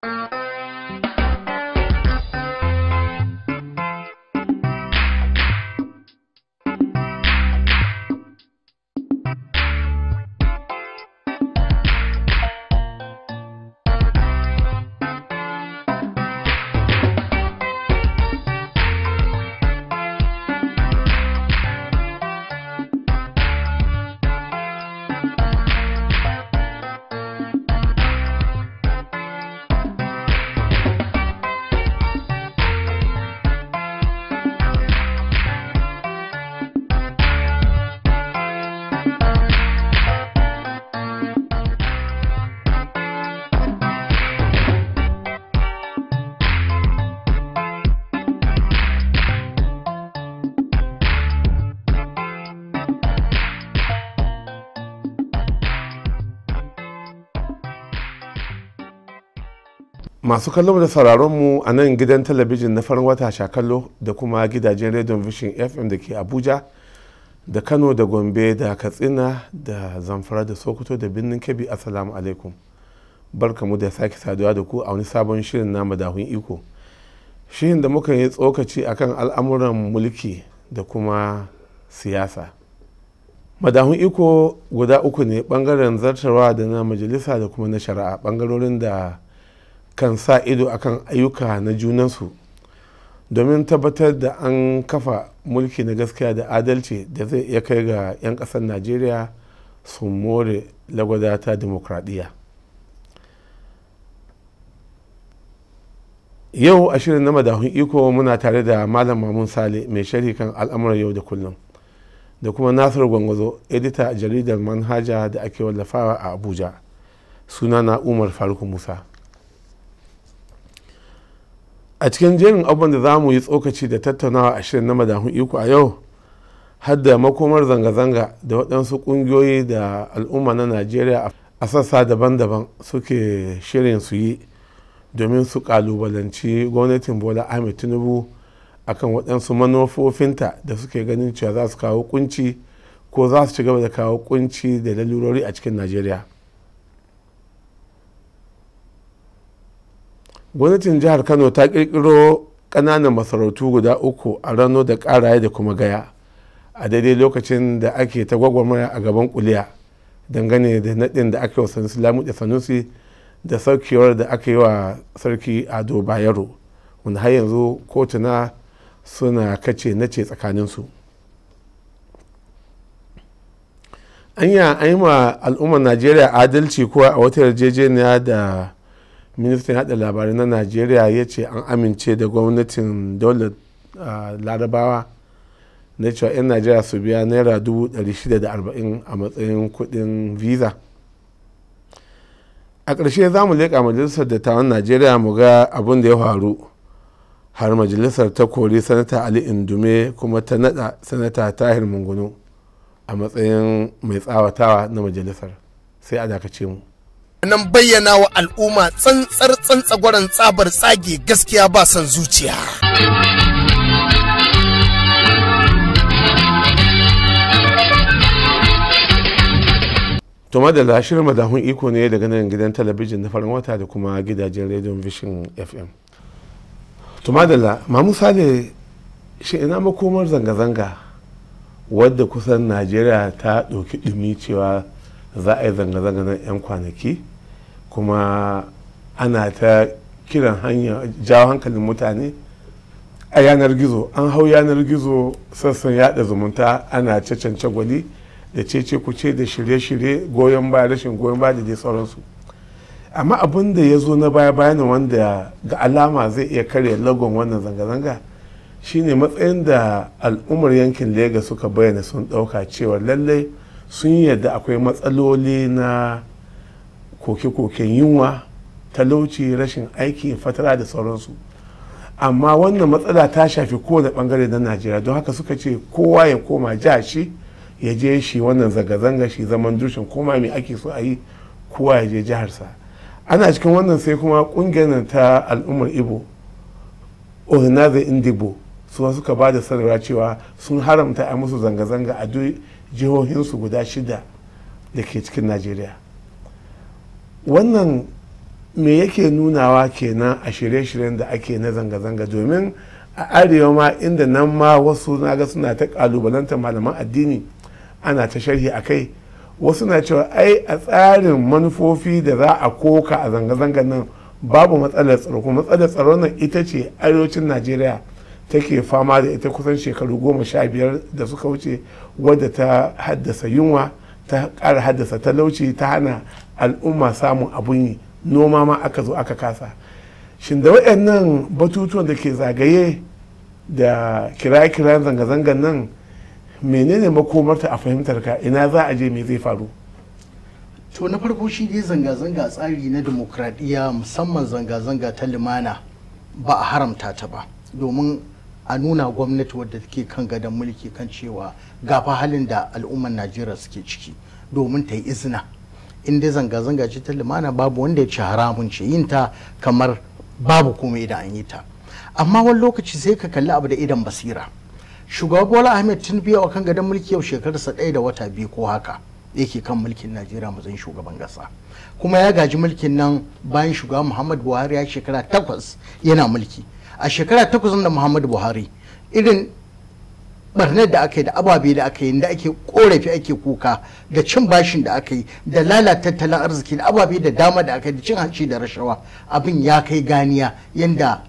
Thank uh you. -huh. masu kallon da sauraron mu a nan gidan talabijin na farin wata kallo da kuma gidajen rediyon vision fm da ke abuja da kano da gombe da katsina da zamfara da sokoto da birnin kebbi assalamu alaikum barka mu da sake saduwa da ku a wani sabon shirin na madahun iko shirin da muka yi tsokaci akan al'amuran mulki da kuma siyasa madahun iko guda uku ne bangaren zartarwa da na majalisa da kuma na shari'a bangarorin da kan sa ido akan ayyuka na junansu domin tabbatar da an kafa mulki na gaskiya da adalci da zai iya kai ga 'yan ƙasar najeriya su more lagwada ta demokradiyya yau a shirin na madahun iko muna tare da malam mamun sale mai sharhi kan al'amuran yau da kullum da kuma nasiru gwangwazo edita jaridar manhaja da ake wallafawa a abuja suna na umar faruk musa a cikin jerin abubuwan da za mu yi tsokaci da tattaunawa a shirin na madahun iko a yau har da makomar zanga-zanga da waɗansu ƙungiyoyi da al'umma na najeriya a sassa daban-daban suke shirin su yi domin su ƙalubalanci gwamnatin bola ahmed tinubu akan waɗansu manufofinta da suke ganin cewa za su kawo ƙunci ko za su ci gaba da kawo ƙunci da lalurori a cikin najeriya gwamnatin jihar kano ta kirkiro kananan masarautu guda uku a rano da karaye da kuma gaya a daidai lokacin da ake ta a gaban kuliya dangane da naɗin da aka yi wa sanusi da sanusi da saukewar da aka yi wa sarki ado bayero wanda har yanzu kotuna suna kace nace tsakaninsu anya an yi ma al'ummar najeriya adalci kuwa a wata yarjejeniya da ministan hada labarai na najeriya ya ce an amince da gwamnatin dole larabawa na cewa 'yan najeriya su biya naira 640 a matsayin kudin visa a karshe za mu leƙa majalisar dattawan najeriya mu ga abin da ya faru har majalisar ta kori sanata ali indume kuma ta nada sanata tahir mungunu a matsayin mai tsawatawa na majalisar sai a dakace mu nan bayyana wa al'umma tsantsar tsantsagwaron tsabar tsage gaskiya ba son zuciya. to da shirin madahun iko ne daga nan gidan talabijin na farin wata da kuma gidajen rediyon vision fm da la mamu sale shi ina makomar zanga-zanga wadda kusan najeriya ta ɗauki ɗumi cewa za a yi zanga-zanga na 'yan kwanaki kuma ana ta kiran hanya jawo hankalin mutane a yanar gizo an hau yanar gizo sassan yada zumunta ana cacance gwali da cece kuce da shirye-shirye goyon ba rashin goyon ba da dai sauransu amma abin da ya zo na baya bayan wanda ga alama zai iya karya lagon wannan zanga-zanga shine matsayin da al'ummar yankin Legas suka bayyana sun ɗauka cewa lallai sun yadda akwai matsaloli na koke-koken yunwa talauci rashin aiki fatara da sauransu amma wannan matsala ta shafi kowane bangare na najeriya don haka suka ce kowa ya koma ja shi ya je shi wannan zanga-zanga shi zaman dushin koma mai ake so a yi kowa ya je jiharsa ana cikin wannan sai kuma kungiyar ta al'ummar ibo orinazar indigo su suka ba da sanarwa cewa sun haramta a musu zanga-zanga a duk jihohinsu guda shida da ke cikin najeriya wannan me yake nunawa kenan a shirye-shiryen da ake na zanga-zanga domin a arewa ma inda nan ma wasu naga suna ta kalubalanta malaman addini ana ta sharhi a kai wasu na cewa ai a tsarin manufofi da za a koka a zanga zanga nan babu matsalar tsaro kuma matsalar tsaro nan ita ce arewacin najeriya take fama da ita kusan shekaru goma sha biyar da suka wuce wadda ta haddasa yunwa ta ƙara haddasa talauci ta hana al'umma samun abun yi noma ma aka zo aka kasa shin da waɗannan batutuwan da ke zagaye da kira kirayen zanga-zangan nan menene makomarta a fahimtar ka ina za a je me zai faru to na farko shi dai zanga-zanga tsari na demokradiyya musamman zanga-zanga ta limana ba a haramta ta ba domin a nuna gwamnati wadda take kan gadon mulki kan cewa gafa halin da al'ummar najeriya suke ciki domin ta yi izina in dai zanga-zanga ce ta limana babu wanda ya ci haramun ce yin ta kamar babu komai da an yi ta amma wani lokaci sai ka kalli abu da idan basira shugaba bola ahmed tun biya wa kan gadon mulki yau shekararsa ɗaya da wata biyu ko haka yake kan mulkin najeriya matsayin shugaban ƙasa kuma ya gaji mulkin nan bayan shugaba muhammad buhari ya shekara takwas yana mulki a shekara takwas da muhammad buhari irin barnar da aka yi da ababe da aka yi da ake korafi ake kuka da cin bashin da aka yi da lalata tattalin arziki da ababe da dama da aka yi da cin hanci da rashawa abin ya kai ganiya yadda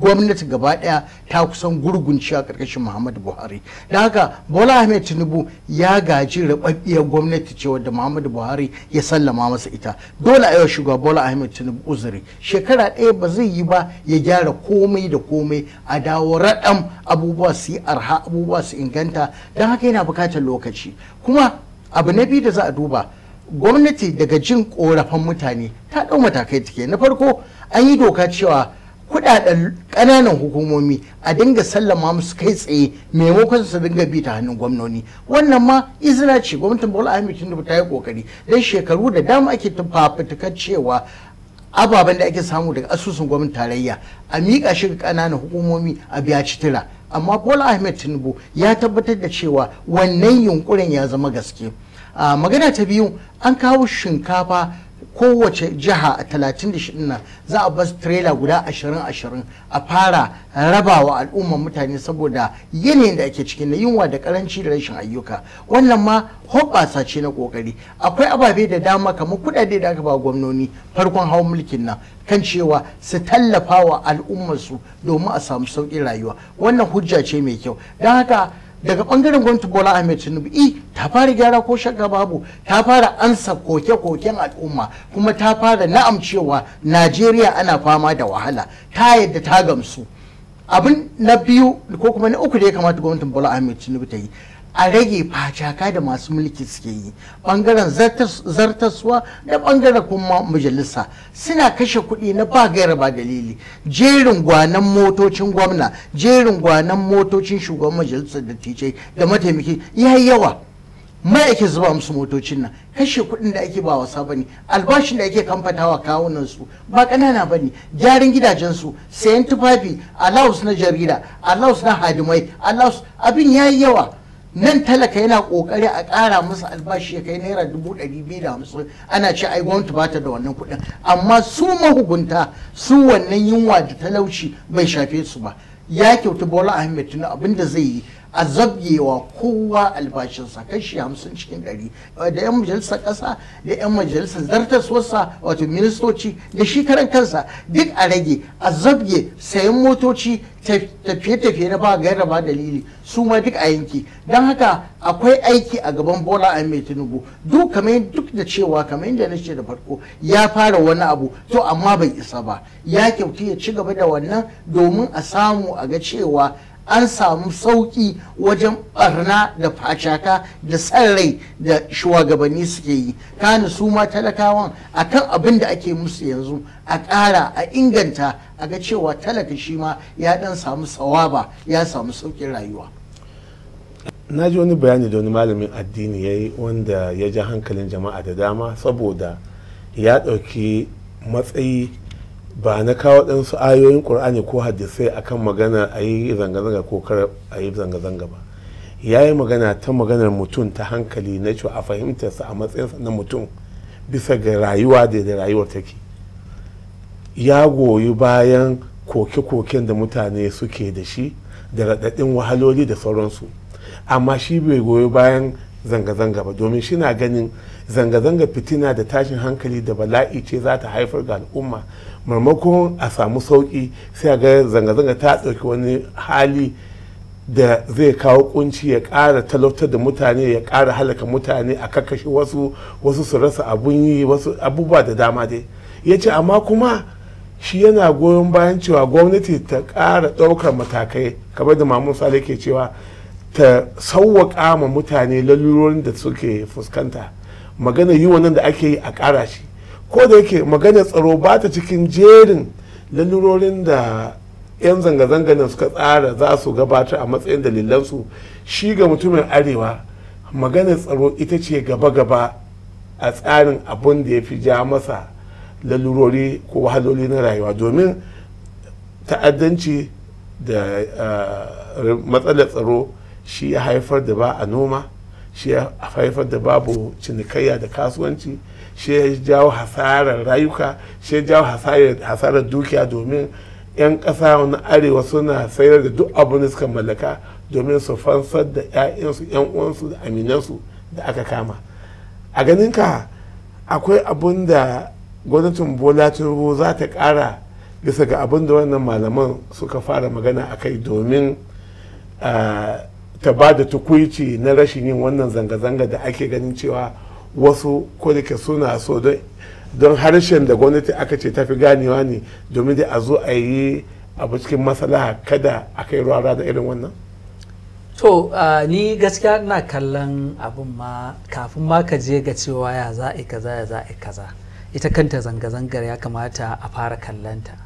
gwamnati gaba daya ta kusan gurgunci a karkashin muhammadu buhari da haka bola ahmed tinubu ya gaji rababbiyar gwamnati cewa da muhammadu buhari ya sallama masa ita dole a yau shugaba bola ahmed tinubu uzuri shekara ɗaya ba zai yi ba ya gyara komai da komai a dawo raɗan abubuwa su yi arha abubuwa su inganta don haka yana bukatar lokaci kuma abu na biyu da za a duba gwamnati daga jin korafan mutane ta ɗau matakai take na farko an yi doka cewa kudaden kananan hukumomi a dinga sallama musu kai tsaye maimakon su dinga bi ta hannun gwamnoni wannan ma izina ce gwamnatin bola ahmed tinubu ta yi kokari dan shekaru da dama ake fafutukar cewa ababen da ake samu daga asusun gwamnatin tarayya a miƙa shi ga kananan hukumomi a biya citira amma bola ahmed tinubu ya tabbatar da cewa wannan yunkurin ya zama gaske ah, magana ta biyu an kawo shinkafa kowace jiha a 36 nan za a bas trela guda 20-20 a fara rabawa al'umman mutane saboda yanayin da ake cikin na yunwa da karanci da rashin ayyuka wannan ma hoɓasa ce na kokari akwai ababe da dama kamar kudade da aka ba gwamnoni farkon hawan mulkin nan kan cewa su tallafa wa al'ummarsu domin a samu sauƙin rayuwa wannan hujja ce mai kyau don haka daga bangaren gwamnati bola ahmed tinubu i ta fara gyara ko shaka babu ta fara ansa koke-koken al'umma kuma ta fara na'am cewa najeriya ana fama da wahala ta yadda ta gamsu abin na biyu ko kuma na uku da ya kamata gwamnatin bola ahmed tinubu ta yi a rage facaka da masu mulki suke yi bangaren zartaswa da bangaren kuma majalisa suna kashe kuɗi na ba gaira ba dalili jerin gwanan motocin gwamna jerin gwanan motocin shugaban majalisar dattijai da mataimaki ya yi yawa mai ake zuba musu motocin nan kashe kuɗin da ake ba wasa bane albashin da ake kamfatawa kawunan su ba ƙanana bane gyaran gidajen su, sayan tufafi alaus na jarida allowance na hadimai allowance abin ya yi yawa nan talaka yana kokari a ƙara masa albashi ya kai naira dubu ɗari biyu da hamsin ana ce ai gwamnati ba ta da wannan kuɗin amma su mahugunta su wannan yunwa da talauci bai shafe su ba ya kyautu bola ahmed abin abinda zai yi a zabgewa kowa albashinsa kashi hamsin cikin gari da 'yan majalisar ƙasa da 'yan majalisar zartaswarsa wato ministoci da shi karan kansa duk a rage a zabge sayan motoci tafiye-tafiye na ba gaira ba dalili su ma duk a yanki don haka akwai aiki a gaban bola a mai tinubu duk kamar duk da cewa kamar yadda na ce da farko ya fara wani abu to amma bai isa ba ya kyautu ya ci gaba da wannan domin a samu a ga cewa an samu sauƙi wajen barna da facaka da san rai da shugabanni suke yi kana su ma talakawan akan abin da ake musu yanzu a ƙara a inganta a ga cewa talaka shi ma ya ɗan samu sawaba ya samu sauƙin rayuwa na ji wani bayani da wani malamin addini ya yi wanda ya ji hankalin jama'a da dama saboda ya ɗauki matsayi ba na kawo ɗansu ayoyin ƙur'ani ko hadisai akan magana a yi zanga-zanga ko kar a yi zanga-zanga ba ya yi magana ta maganar mutum ta hankali na cewa a fahimtarsa a matsayinsa na mutum bisa ga rayuwa da da rayuwar take ya goyi bayan koke-koken da mutane suke da shi da raɗaɗin wahaloli da sauransu amma shi bai goyi bayan zanga-zanga ba domin shi na ganin zanga-zanga fitina da tashin hankali da bala'i ce za ta haifar ga al'umma maimakon a samu sauki sai a ga zanga-zanga ta ɗauki wani hali da zai kawo kunci ya ƙara talautar da mutane ya ƙara halaka mutane a kakashi wasu wasu su rasa abun yi wasu abubuwa da dama dai ya ce amma kuma shi yana goyon bayan cewa gwamnati ta ƙara ɗaukar matakai kamar da mamun sale ke cewa ta sauwaƙa ma mutane lalurorin da suke fuskanta magana yi wannan da ake yi a ƙara shi ko da yake maganar tsaro ba ta cikin jerin lalurorin da 'yan zanga-zanga ne suka tsara za su gabatar a matsayin dalilansu shi ga mutumin arewa maganar tsaro ita ce gaba-gaba a tsarin abin da ya fi ja masa lalurori ko wahaloli na rayuwa domin ta'addanci da eh, matsalar tsaro shi ya haifar da ba a noma shi ya haifar da babu cinikayya da kasuwanci shi ya jawo hasarar rayuka shi ya jawo hasarar dukiya domin 'yan ƙasa na arewa suna sayar da duk abin da suka mallaka domin su fansar da 'ya'yansu 'yan uwansu da aminansu da aka kama a ganin ka akwai abin da gwamnatin bola tinubu za ta kara bisa ga abin da wannan malaman suka fara magana a kai domin ah, ta ba da tukuici na rashin yin wannan zanga-zanga da ake ganin cewa wasu ko suna so don harshen da gwamnati aka ce tafi ganewa ne domin dai a zo a yi abu cikin matsala kada a kai ruwa da irin wannan to ni gaskiya ina kallon abin ma kafin ma ka je ga cewa ya za a kaza ya za a kaza ita kanta zanga-zangar ya kamata a fara kallanta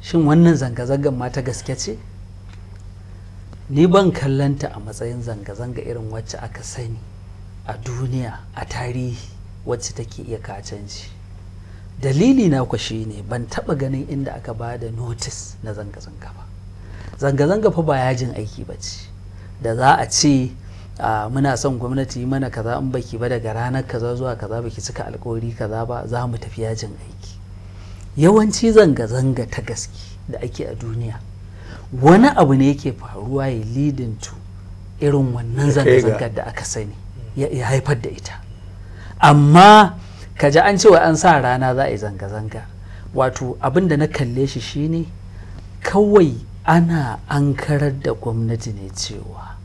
shin wannan zanga-zangar ma ta gaske ce ni ban kallonta a matsayin zanga-zanga irin wacce aka sani a duniya a tarihi wacce take iya kacanci dalili na ku ne ban taba ganin inda aka ba da notis na zanga-zanga ba zanga-zanga fa ba yajin aiki ba ce da za a ce muna son gwamnati yi mana kaza in baki ba daga ranar kaza zuwa kaza baki cika alkawari kaza ba za mu tafi yajin aiki yawanci zanga-zanga ta gaske da ake a duniya wani abu ne yake faruwa ya leading to irin wannan zanga-zangar da aka sani ya haifar da ita amma ka ji an cewa an sa rana za a yi zanga-zanga wato abin da na kalle shi shine kawai ana ankarar da gwamnati ne cewa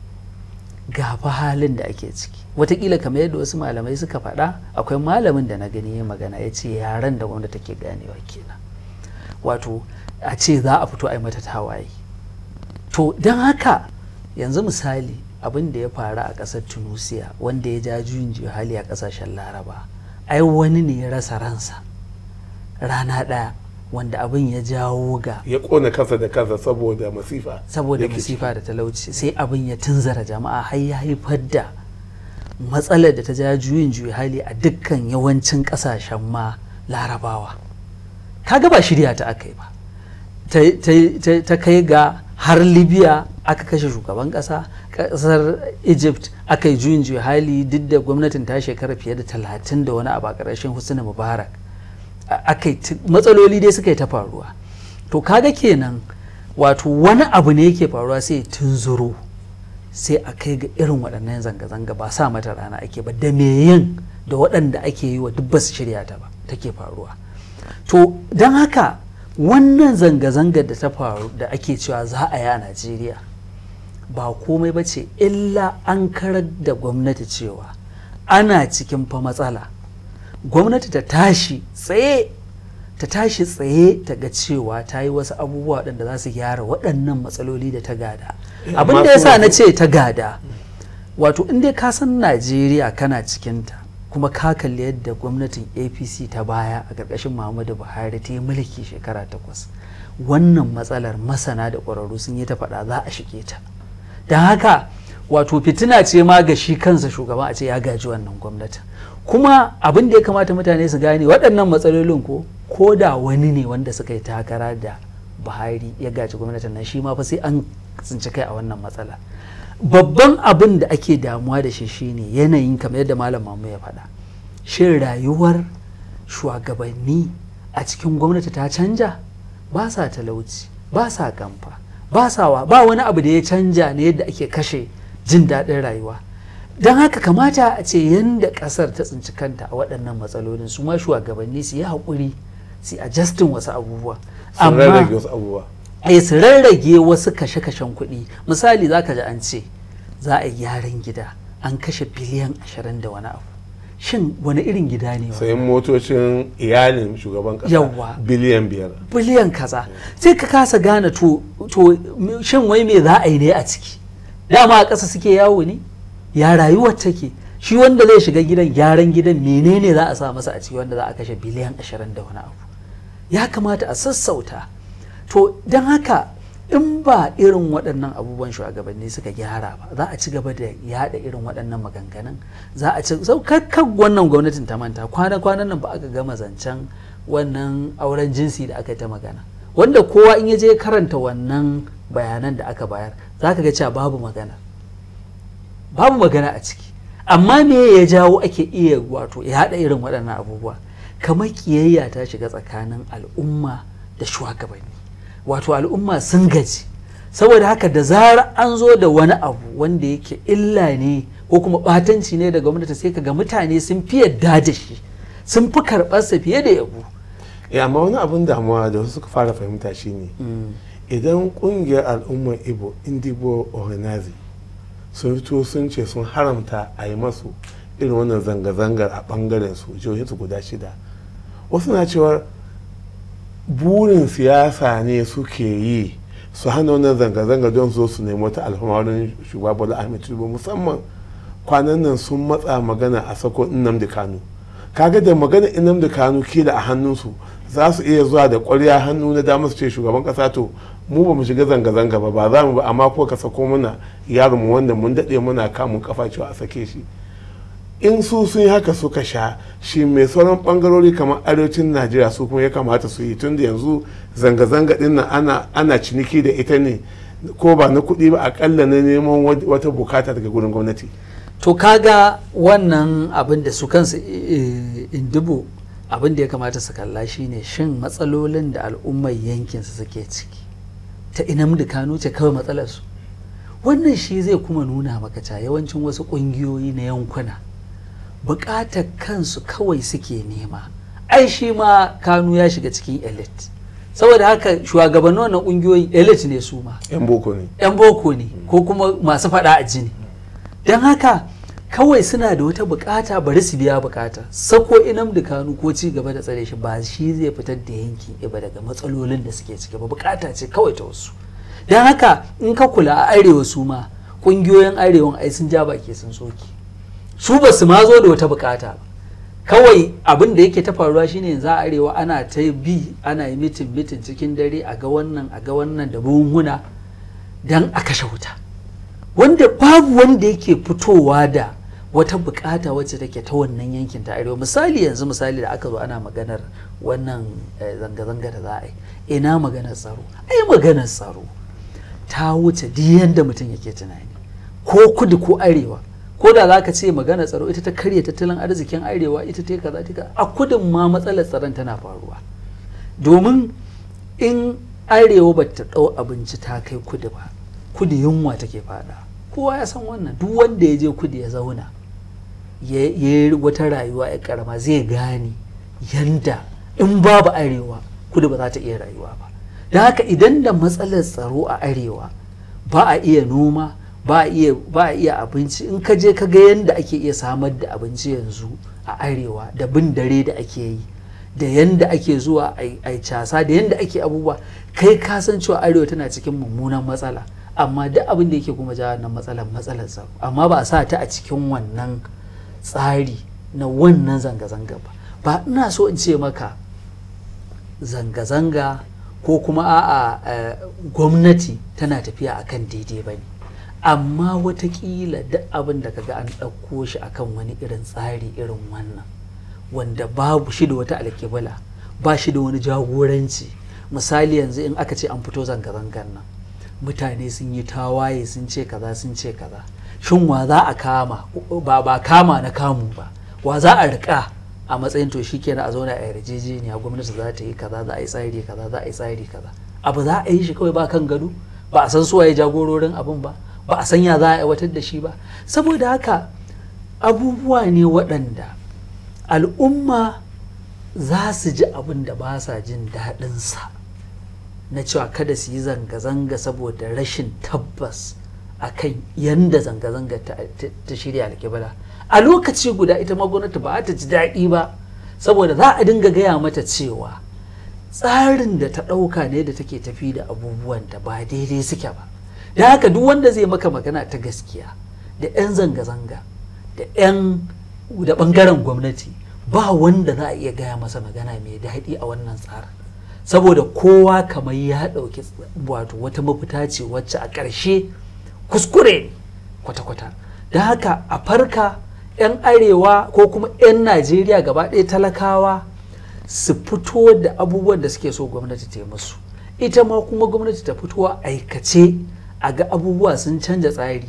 ga fa halin da ake ciki watakila kamar yadda wasu malamai suka faɗa akwai malamin da na gani ya magana ya ce yaran da gwamnati take ganewa kenan wato a ce za a fito a yi mata tawaye to don haka yanzu misali abin da ya faru a ƙasar tunisia wanda ya ja juyin hali a ƙasashen laraba ai wani ne ya rasa ransa rana ɗaya wanda abin ya jawo ga ya kona kansa da kansa saboda masifa saboda masifa da talauci sai abin ya tunzara jama'a har ya haifar da matsalar da ta ja juyin juyi hali a dukkan yawancin ƙasashen ma larabawa ka ba shirya ta aka yi ba ta kai ga har libya aka kashe shugaban kasa kasar egypt aka yi juyin juya hali duk da gwamnatin ta shekara fiye da talatin da wani abu a ƙarshen husni mubarak matsaloli dai suka yi ta faruwa to kaga kenan wato wani abu ne yake faruwa sai tunzuro sai a kai ga irin waɗannan zanga-zanga ba sa mata rana ake ba da me yin da waɗanda ake yi wa duk ba su shirya ta ba take faruwa to don haka wannan zanga zanga da ta faru da ake cewa za a yi a najeriya ba komai ba ce illa an karar da gwamnati cewa ana cikin fa matsala gwamnati ta tashi tsaye ta tashi tsaye ta ga cewa ta yi wasu abubuwa waɗanda za su gyara waɗannan matsaloli da ta gada eh, abin da ya sa na ce ta gada wato in dai ka san najeriya kana cikinta kuma ka kalli yadda gwamnatin apc ta baya a ƙarƙashin muhammadu buhari ta yi mulki shekara takwas wannan matsalar masana da ƙwararru sun yi ta faɗa za a shige ta don haka wato fitina ce ma ga shi kansa shugaban a ce ya gaji wannan gwamnatin kuma abin da ya kamata mutane su gane waɗannan matsalolin ko ko da wani ne wanda suka yi takara da buhari ya gaji gwamnatin nan shi ma fa sai an tsinci kai a wannan matsala babban abin da ake damuwa da shi shine yanayin kamar yadda malam mamu ya faɗa shin rayuwar shugabanni a cikin gwamnati ta canja ba sa talauci ba sa kamfa ba wa ba wani abu da ya canja ne yadda ake kashe jin daɗin rayuwa don haka kamata a ce yadda ƙasar ta tsinci kanta a waɗannan matsalolin su ma shugabanni su yi haƙuri su a justin wasu abubuwa amma a eh, su rarrage wasu kashe-kashen kuɗi misali za ka ji an ce za a yi gyaran gida an kashe biliyan ashirin da wani abu shin wani irin gida ne sayan motocin iyalin shugaban kasa yawa biliyan biyar biliyan kaza sai ka kasa gane to shin wai me za a yi ne a ciki dama a ƙasa suke yawo ne ya rayuwar take shi wanda zai shiga gidan gyaran gidan menene za a sa masa a ciki wanda za a kashe biliyan ashirin da wani abu ya kamata a sassauta to don haka in ba irin waɗannan abubuwan shugabanni suka gyara ba za a ci gaba da yada irin waɗannan maganganun za a ci kakkan wannan gwamnatin ta manta kwana-kwanan nan ba aka gama zancen wannan auren jinsi da aka ta magana wanda kowa in ya je karanta wannan bayanan da aka bayar za ka ga cewa babu magana babu magana a ciki amma me ya jawo ake iya wato yada irin waɗannan abubuwa kamar kiyayya ta shiga tsakanin al'umma da shugabanni wato al'umma sun gaji saboda haka da zarar an zo da wani abu wanda yake illa ne ko kuma batanci ne da gwamnati sai ka ga mutane sun fi yadda da shi sun fi karɓarsa fiye da yabo e amma wani abin damuwa da wasu suka fara fahimta shi ne mm. idan kungiyar al'ummar ibo indigo organize sun fito sun ce sun haramta a yi masu irin wannan zanga-zangar a ɓangaren su jihohi guda shida wasu na cewar burin siyasa ne suke yi su hana wannan zanga-zanga don zo su nemi wata alhamarin shugaba bola ahmed tinubu musamman kwanan nan sun matsa magana a sako nnamdi kanu kaga da magana nnamdi kanu kila a hannunsu za su iya zuwa da kwarya hannu na dama su ce shugaban ƙasa to mu ba mu shiga zanga-zanga ba ba za mu ba amma ko ka sako mana yaron mu wanda mun daɗe muna kamun kafa cewa a sake shi in su sun haka suka sha shi mai sauran bangarori kamar arewacin najeriya su kuma ya kamata su yi tun da yanzu zanga-zanga din nan ana, ciniki da ita ne ko ba na kuɗi ba akalla na neman wata bukata daga gurin gwamnati to kaga wannan abin da su kansu eh, indibo abin da ya kamata su kalla shi ne shin matsalolin da al'ummar yankinsu suke ciki ta da kano ce kawai matsalarsu wannan shi zai kuma nuna maka yawancin wasu ƙungiyoyi na yankuna bukatar kansu kawai suke nema ai shi ma kanu ya shiga cikin elite saboda haka shugabannin wannan ƙungiyoyi elite ne su ma yan boko ne yan boko ne ko kuma masu fada a jini don haka kawai suna da wata bukata bari su biya bukata sako inam da kanu ko ci gaba da tsare shi ba shi zai fitar da yankin iba daga matsalolin da suke ciki ba bukata ce kawai ta wasu don haka in ka kula a arewa su ma ƙungiyoyin arewan ai sun ja baki sun soke su ba su ma zo da wata bukata ba kawai abin da yake ta faruwa shine za a arewa ana ta bi ana yi mitin mitin cikin dare a ga wannan a ga wannan da buhunhuna don a kashe wuta wanda babu wanda yake fitowa da wata bukata wacce take ta wannan yankin ta arewa misali yanzu misali da aka zo ana maganar wannan eh, zanga-zanga da za a yi ina maganar tsaro ai maganar tsaro ta wuce duk yanda mutum yake tunani ko kudu ko arewa ko da za ka ce magana tsaro ita ta karya tattalin arzikin arewa ita ta kaza ta a kudin ma matsalar tsaron tana faruwa domin in arewa ba ta ɗau abinci ta kai kudu ba kudu yunwa take fada kowa ya san wannan duk wanda ya je kudu ya zauna ya yi wata rayuwa ya karama zai gane yanda in babu arewa kudu ba za ta iya rayuwa ba da haka idan da matsalar tsaro a arewa ba a iya noma ba iya iya abinci in ka je ka ga yanda ake iya samar da abinci yanzu a arewa da bin dare da ake yi da yanda ake zuwa a casa da yanda ake abubuwa kai ka san cewa arewa tana cikin mummunan matsala amma duk abin da yake kuma jawo wannan matsalan matsalar sa amma ba sa ta a cikin wannan tsari na wannan zanga-zanga ba ba ina so in ce maka zanga-zanga ko kuma a'a eh, gwamnati tana tafiya akan daidai ba ne amma watakila duk abin da kaga an ɗauko shi akan wani irin tsari irin wannan wanda babu shi da wata alkibala ba shi da wani jagoranci misali yanzu in aka ce an fito zanga-zangar nan mutane sun yi tawaye sun ce kaza sun ce kaza shin wa za a kama ba ba kama na kamu ba wa za a rika a matsayin to shi kenan a zauna a yarjejeniya gwamnati za ta yi kaza za a yi tsari kaza za a yi tsari kaza abu za a yi shi kawai ba kan gado ba a san suwaye jagororin abin ba ba a sanya za a aiwatar da shi ba saboda haka abubuwa ne waɗanda al'umma za su ji abin da ba sa jin daɗinsa na cewa kada su yi zanga-zanga saboda rashin tabbas a kan yadda zanga-zanga ta shirya alƙibala. a lokaci guda ita ma gwamnati ba ta ji daɗi ba saboda za a dinga gaya mata cewa tsarin da ta ɗauka ne da take tafi da abubuwanta ba daidai suke ba da haka duk wanda zai maka magana ta gaskiya da 'yan zanga-zanga da 'yan da bangaren gwamnati ba wanda za a iya gaya masa magana mai daɗi a wannan tsarin saboda kowa kamar ya ɗauki wato wata mafita ce wacce a ƙarshe kuskure kwata-kwata da haka a farka 'yan arewa ko kuma 'yan najeriya gaba ɗaya talakawa su fito da abubuwan da suke so gwamnati ta yi musu ita ma kuma gwamnati ta fito aikace a ga abubuwa sun canja tsari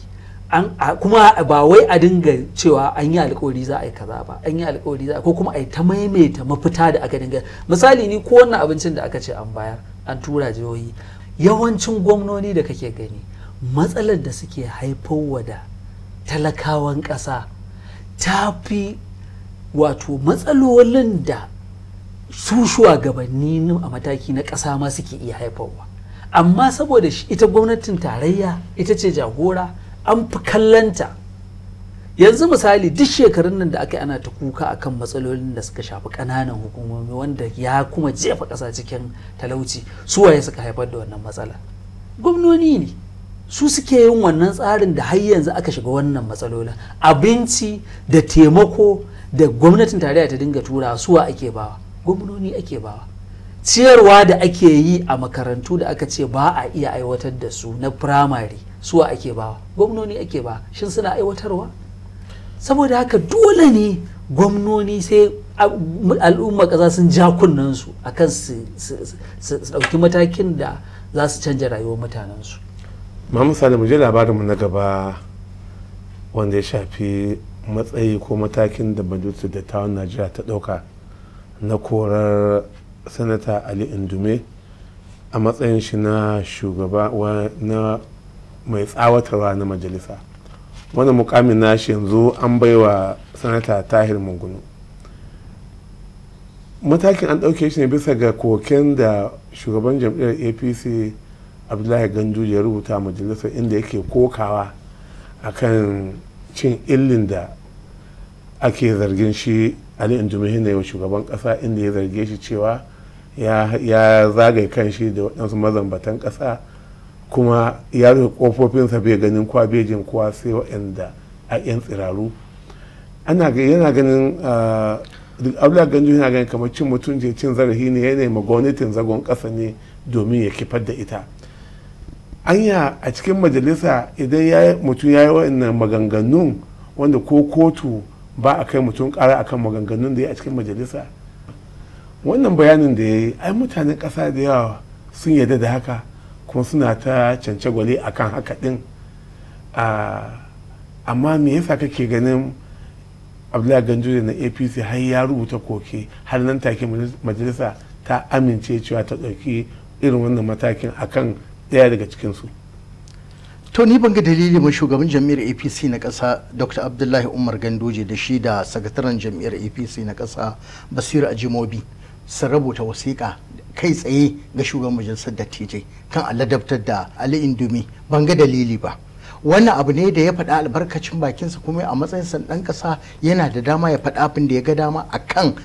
kuma ba wai a dinga cewa an yi alkawari za a yi kaza ba an yi alkawari za ko kuma a yi ta maimaita mafita da aka dinga misali ni ko wannan abincin da aka ce an bayar an tura jihohi yawancin gwamnoni da kake gani matsalar da suke haifarwa da talakawan ƙasa ta fi wato matsalolin da su shugabanni a mataki na ƙasa ma suke iya haifarwa amma saboda ita gwamnatin tarayya ita ce jagora an fi kallanta yanzu misali duk shekarun nan da aka ana ta kuka akan matsalolin da suka shafi ƙananan hukumomi wanda ya kuma jefa ƙasa cikin talauci su waye suka haifar da wannan matsala gwamnoni ne su suke yin wannan tsarin da har yanzu aka shiga wannan matsalolin abinci da taimako da gwamnatin tarayya ta dinga tura suwa ake bawa gwamnoni ake bawa ciyarwa da ake yi a makarantu da aka ce ba a iya aiwatar da su na firamare suwa ake ba gwamnoni ake ba shin suna aiwatarwa saboda haka dole ne gwamnoni sai al'umma ƙasa sun ja kunnensu a kan su ɗauki matakin da za su canja rayuwar mutanensu mamu sale mu je labarinmu na gaba wanda ya shafi matsayi ko matakin da majalisar dattawan najeriya ta ɗauka na korar sanata ali indume a matsayin shi na shugaba na mai tsawatarwa na majalisa wani mukamin na nashi yanzu an baiwa sanata tahir mungunu matakin an ɗauke shi ne bisa ga koken da shugaban jam'iyyar apc abdullahi ganduje ya rubuta majalisa inda yake kokawa akan cin illin da ake zargin shi ali indume ne wa shugaban ƙasa inda ya zarge shi cewa ya zagaye kan shi da waɗansu mazambatan ƙasa kuma ya rufe ƙofofinsa bai ganin kwa bai jin kuwa sai waɗanda a 'yan tsiraru ana yana ganin ah, abla ganjo yana ganin kamar cin mutunci cin zarafi ne yana ma gwamnatin zagon ƙasa ne domin ya kifar da ita anya a cikin majalisa idan mutum ya yi waɗannan maganganun wanda ko kotu ba a kai mutum ƙara akan maganganun da ya a cikin majalisa wannan bayanin da ya yi ai mutanen ƙasa da yawa sun yarda da haka kuma suna ta gwale a kan haka ɗin amma me yasa kake ganin abdullahi da na apc har ya rubuta koke har nan take majalisa ta amince cewa ta ɗauki irin wannan matakin a kan ɗaya daga cikinsu to ni ban ga dalili ma shugaban jami'ar apc na ƙasa dr abdullahi umar gandoje da shi da sakataren jam'iyyar apc na ƙasa basiru ajimobi su rubuta wasiƙa kai tsaye ga shugaban majalisar dattijai kan aladabtar da ali indumi ban ga dalili ba wannan abu ne da ya faɗa albarkacin bakinsa kuma a matsayin san ɗan ƙasa yana da dama ya faɗa abin da ya ga dama akan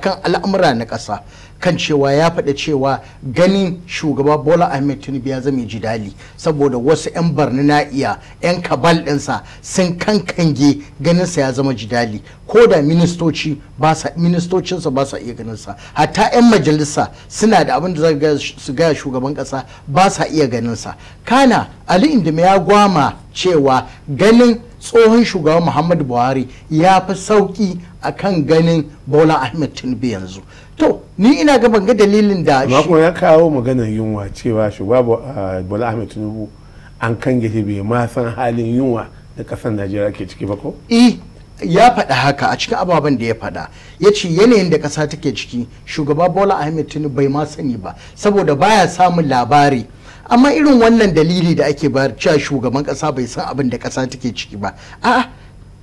kan al'amura na ƙasa kan cewa ya faɗa cewa ganin shugaba bola ahmed tinubu ya zama jidali saboda wasu 'yan barni na iya 'yan kabal ɗinsa sun kankange ganinsa ya zama jidali ko da ministoci ba sa ministocinsa ba sa iya ganinsa hatta 'yan majalisa suna da abin da za su gaya shugaban ƙasa ba sa iya ganinsa kana ali indima ya gwama cewa ganin tsohon shugaban muhammadu buhari ya fi sauki kan ganin bola ahmed tinubu yanzu to ni ina ga banga dalilin da shi ya kawo maganar yunwa cewa shugaba ah, bola ahmed tinubu an kan gefe bai ma san halin yunwa da kasar najeriya ke ciki ba ko e, ya faɗa haka a cikin ababen da ya faɗa ya ce yanayin da ƙasa take ciki shugaba bola ahmed tinubu bai ma sani ba saboda baya samun labari amma irin wannan dalili da ake bayar cewa shugaban kasa bai san abin da kasa take ciki ba a'a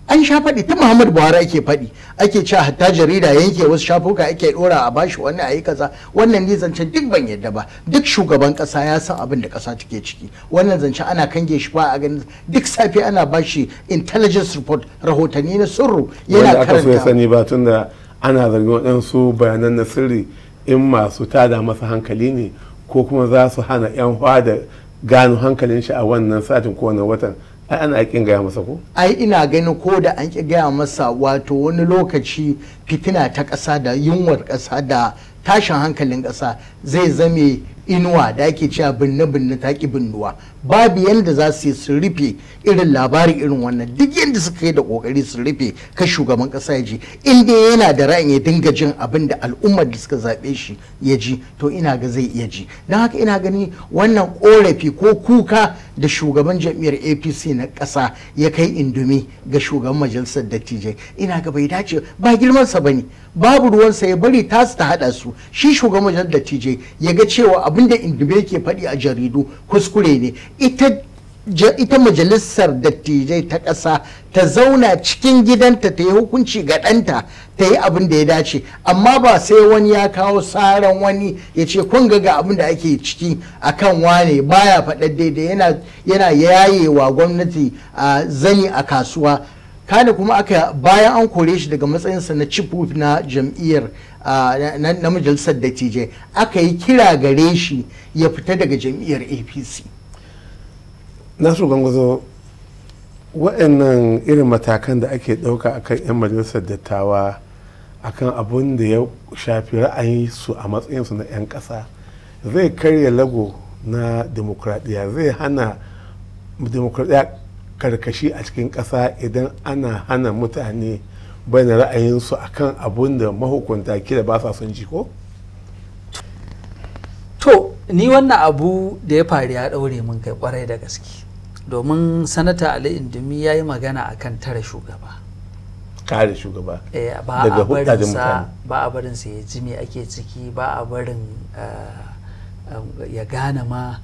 an sha faɗi ta muhammadu buhari ake faɗi ake cewa hatta jarida yanke wasu shafuka ake ɗora a bashi wani a yi kaza wannan ne zancen duk ban yadda ba duk shugaban kasa ya san abin da kasa take ciki wannan zancen ana kange shi ba a ganin duk safe ana bashi intelligence report rahotanni na sirru yana karanta wanda aka sani ba tunda ana zargin waɗansu bayanan na sirri in masu tada masa hankali ne ko kuma za su hana 'yan da gano hankalin shi a wannan satin ko wannan watan ai ana kin gaya masa ko ai ina ganin ko da an ki gaya masa wato wani lokaci fitina ta ƙasa da yunwar ƙasa da tashin hankalin ƙasa zai zame inuwa da ake cewa binne binne ta ki binnuwa babu yadda za su yi su rufe irin labarin irin wannan duk yadda suka yi da kokari su rufe ka shugaban kasa ya ji in yana da ra'ayin ya dinga jin abin da al'ummar da suka zaɓe shi ya ji to ina ga zai iya ji don haka ina gani wannan korafi ko kuka da shugaban jam'iyyar apc na ƙasa ya kai indomi ga shugaban majalisar dattijai ina ga bai dace ba girmansa ba ne babu ruwansa ya bari tasu ta haɗa su shi shugaban majalisar dattijai ya ga cewa abin abinda indube yake faɗi a jaridu kuskure ne ita majalisar dattijai ta ƙasa ta zauna cikin gidanta ta yi hukunci ga ɗanta ta yi abin da ya dace amma ba sai wani ya kawo tsaron wani ya ce kun ga abin da ake ciki a kan wane baya faɗar daidai yana yayewa gwamnati a zani a kasuwa kada kuma aka bayan an kore shi daga matsayinsa na chief na jam'iyyar na majalisar dattijai aka yi kira gare shi ya fita daga jam'iyyar apc nasu gwangwazo waɗannan irin matakan da ake ɗauka akan 'yan majalisar dattawa akan abun da ya shafi ra'ayin su a matsayinsu na 'yan ƙasa zai karya lago na demokradiyya zai hana demokradiyya karkashi a cikin ƙasa idan ana hana mutane ra'ayin ra'ayinsu akan abun da mahukunta kila ba sa son ji ko to ni wannan abu da ya faru ya daure mun kai kwarai da gaske domin sanata ali indumi ya yi magana a kan tare shugaba kare shugaba eh, daga hudajin mutane ba a barin sa ya jimi ake ciki ba a barin eh, eh, ya gane ma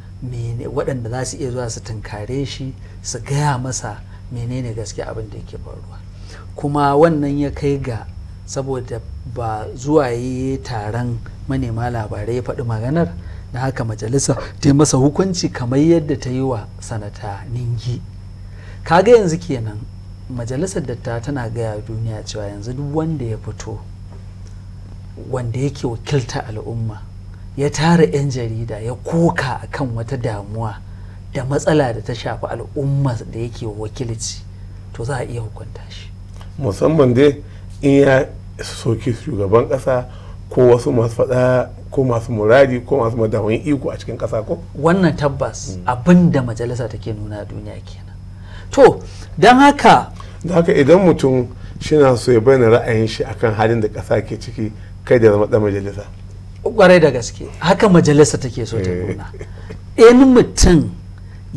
waɗanda za su iya zuwa su tunkare shi su gaya masa menene gaske abin da yake faruwa kuma wannan ya kai ga saboda ba zuwa yi taron manema labarai ya faɗi maganar na haka majalisa ta masa hukunci kamar yadda ta yi wa sanata ningi kaga yanzu kenan majalisar datta tana gaya duniya cewa yanzu duk wanda ya fito wanda yake wakilta al'umma ya tara 'yan jarida ya koka akan wata damuwa da matsala da ta shafi al'umma da yake wakilci to za a iya hukunta shi musamman dai in ya soki shugaban kasa ko wasu masu faɗa ko masu muradi ko masu madawan iko a cikin kasa ko wannan tabbas hmm. abinda da majalisa take nuna a duniya kenan to don haka don haka idan mutum shina so ya bayyana ra'ayin shi akan halin da kasa ke ciki kai da zama ɗan majalisa kwarai da gaske haka majalisa take so ta eh. nuna in mutum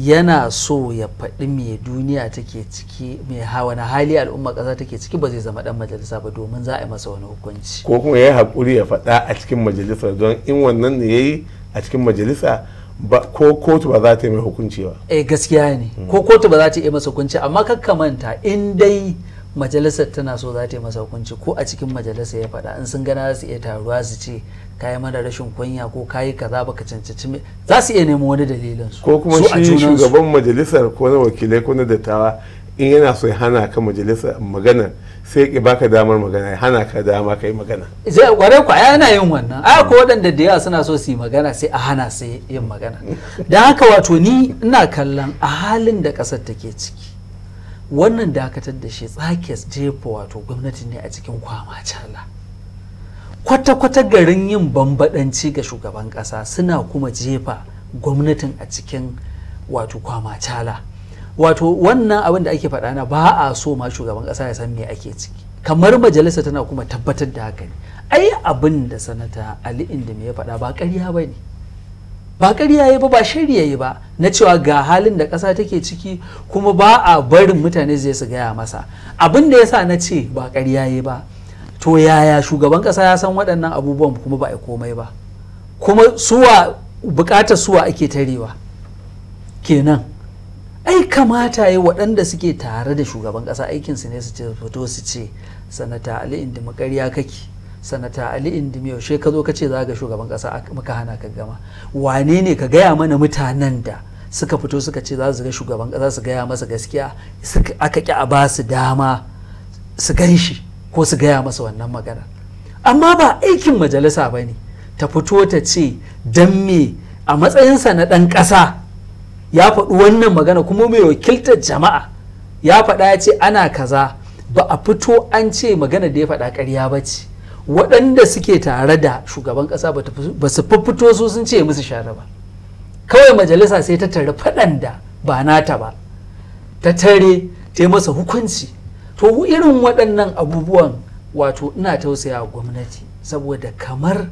yana so ya faɗi me duniya take ciki me wani hali al'umma ƙasa take ciki ba zai zama ɗan majalisa ba domin za a yi masa wani hukunci ko kuma ya yi haƙuri ya faɗa a cikin majalisa don in wannan ne ya yi a cikin majalisa ba ko kotu ba za ta yi mai hukunci ba eh gaskiya ne ko kotu ba za ta yi masa hukunci amma kakka manta in dai majalisar tana so za ta yi masa hukunci ko a cikin majalisa ya faɗa in sun gana za su iya taruwa su ce ka yi mana rashin kunya ko ka yi kaza baka cancanci me za su iya nemo wani dalilin su ko kuma shi shugaban majalisar ko na wakilai ko na dattawa in yana so ya hana ka majalisar magana sai ya baka damar magana ya hana ka dama ka yi magana zai kware kwa yana yin wannan a ko waɗanda da yawa suna so su yi magana sai a hana sai yin magana don haka wato ni ina kallon a halin da ƙasar take ciki wannan dakatar da shi tsakiyar jefa wato gwamnati ne a cikin kwama Allah kwata-kwata garin yin bambadanci ga shugaban ƙasa suna kuma jefa gwamnatin a cikin wato cala wato wannan abin da ake faɗa na ba a so ma shugaban ƙasa ya san me ake ciki kamar majalisa tana kuma tabbatar da haka ne ai abin da sanata ali me ya faɗa ba ƙarya ba ne ba ƙarya ya ba ba shirya ya ba na cewa ga halin da ƙasa take ciki kuma ba a barin mutane zai su gaya masa abin da ya sa na ce ba ƙarya ya ba to yaya shugaban kasa ya san waɗannan abubuwan kuma ba a komai ba kuma suwa bukatar suwa ake tarewa kenan ai kamata ya waɗanda suke tare da shugaban kasa aikinsu ne su ce fito su ce sanata ali indi makarya kake sanata ali mai yaushe ka zo ka ce za ga shugaban kasa muka hana ka gama wane ne ka gaya mana mutanen da suka fito suka ce za su ga shugaban kasa su gaya masa gaskiya aka ki a ba su dama su gan shi ko su gaya masa wannan magana amma ba aikin majalisa ba ne ta fito ta ce don me a matsayinsa na ɗan ƙasa ya faɗi wannan magana kuma mai wakiltar jama'a ya faɗa ya ce ana kaza ba a fito an ce magana da ya faɗa ƙarya ba ce waɗanda suke tare da shugaban ƙasa ba su fito su sun ce musu share ba kawai majalisa sai ta tare faɗan da ba nata ba ta tare ta yi masa hukunci to irin waɗannan abubuwan wato ina tausaya gwamnati saboda kamar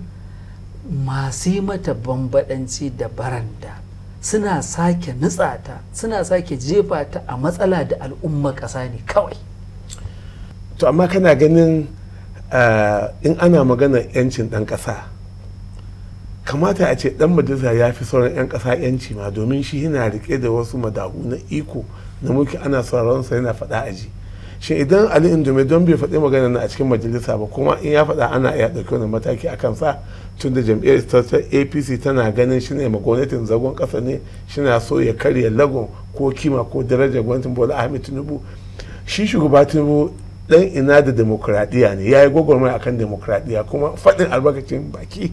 masu mata bambadanci da baranda suna sake nutsata suna sake jefa ta a matsala da al'umma ƙasa ne kawai to amma kana ganin eh, in ana magana 'yancin ɗan ƙasa kamata a ce ɗan majalisa ya fi sauran 'yan ƙasa 'yanci ma domin shi yana riƙe da wasu madagu na iko na mulki ana sauransa yana faɗa aji. ji shi idan ali indume don bai faɗi magana na a cikin majalisa ba kuma in ya faɗa ana iya ɗauki wani mataki a sa tun da jam'iyyar ta apc tana ganin shi ne magwamnatin zagon ƙasa ne shi na so ya karya lagon ko kima ko darajar gwamnatin bola ahmed tinubu shi shugaba tinubu dan ina da demokuraɗiyya ne ya yi gwagwarmaya akan demokuraɗiyya kuma faɗin albarkacin baki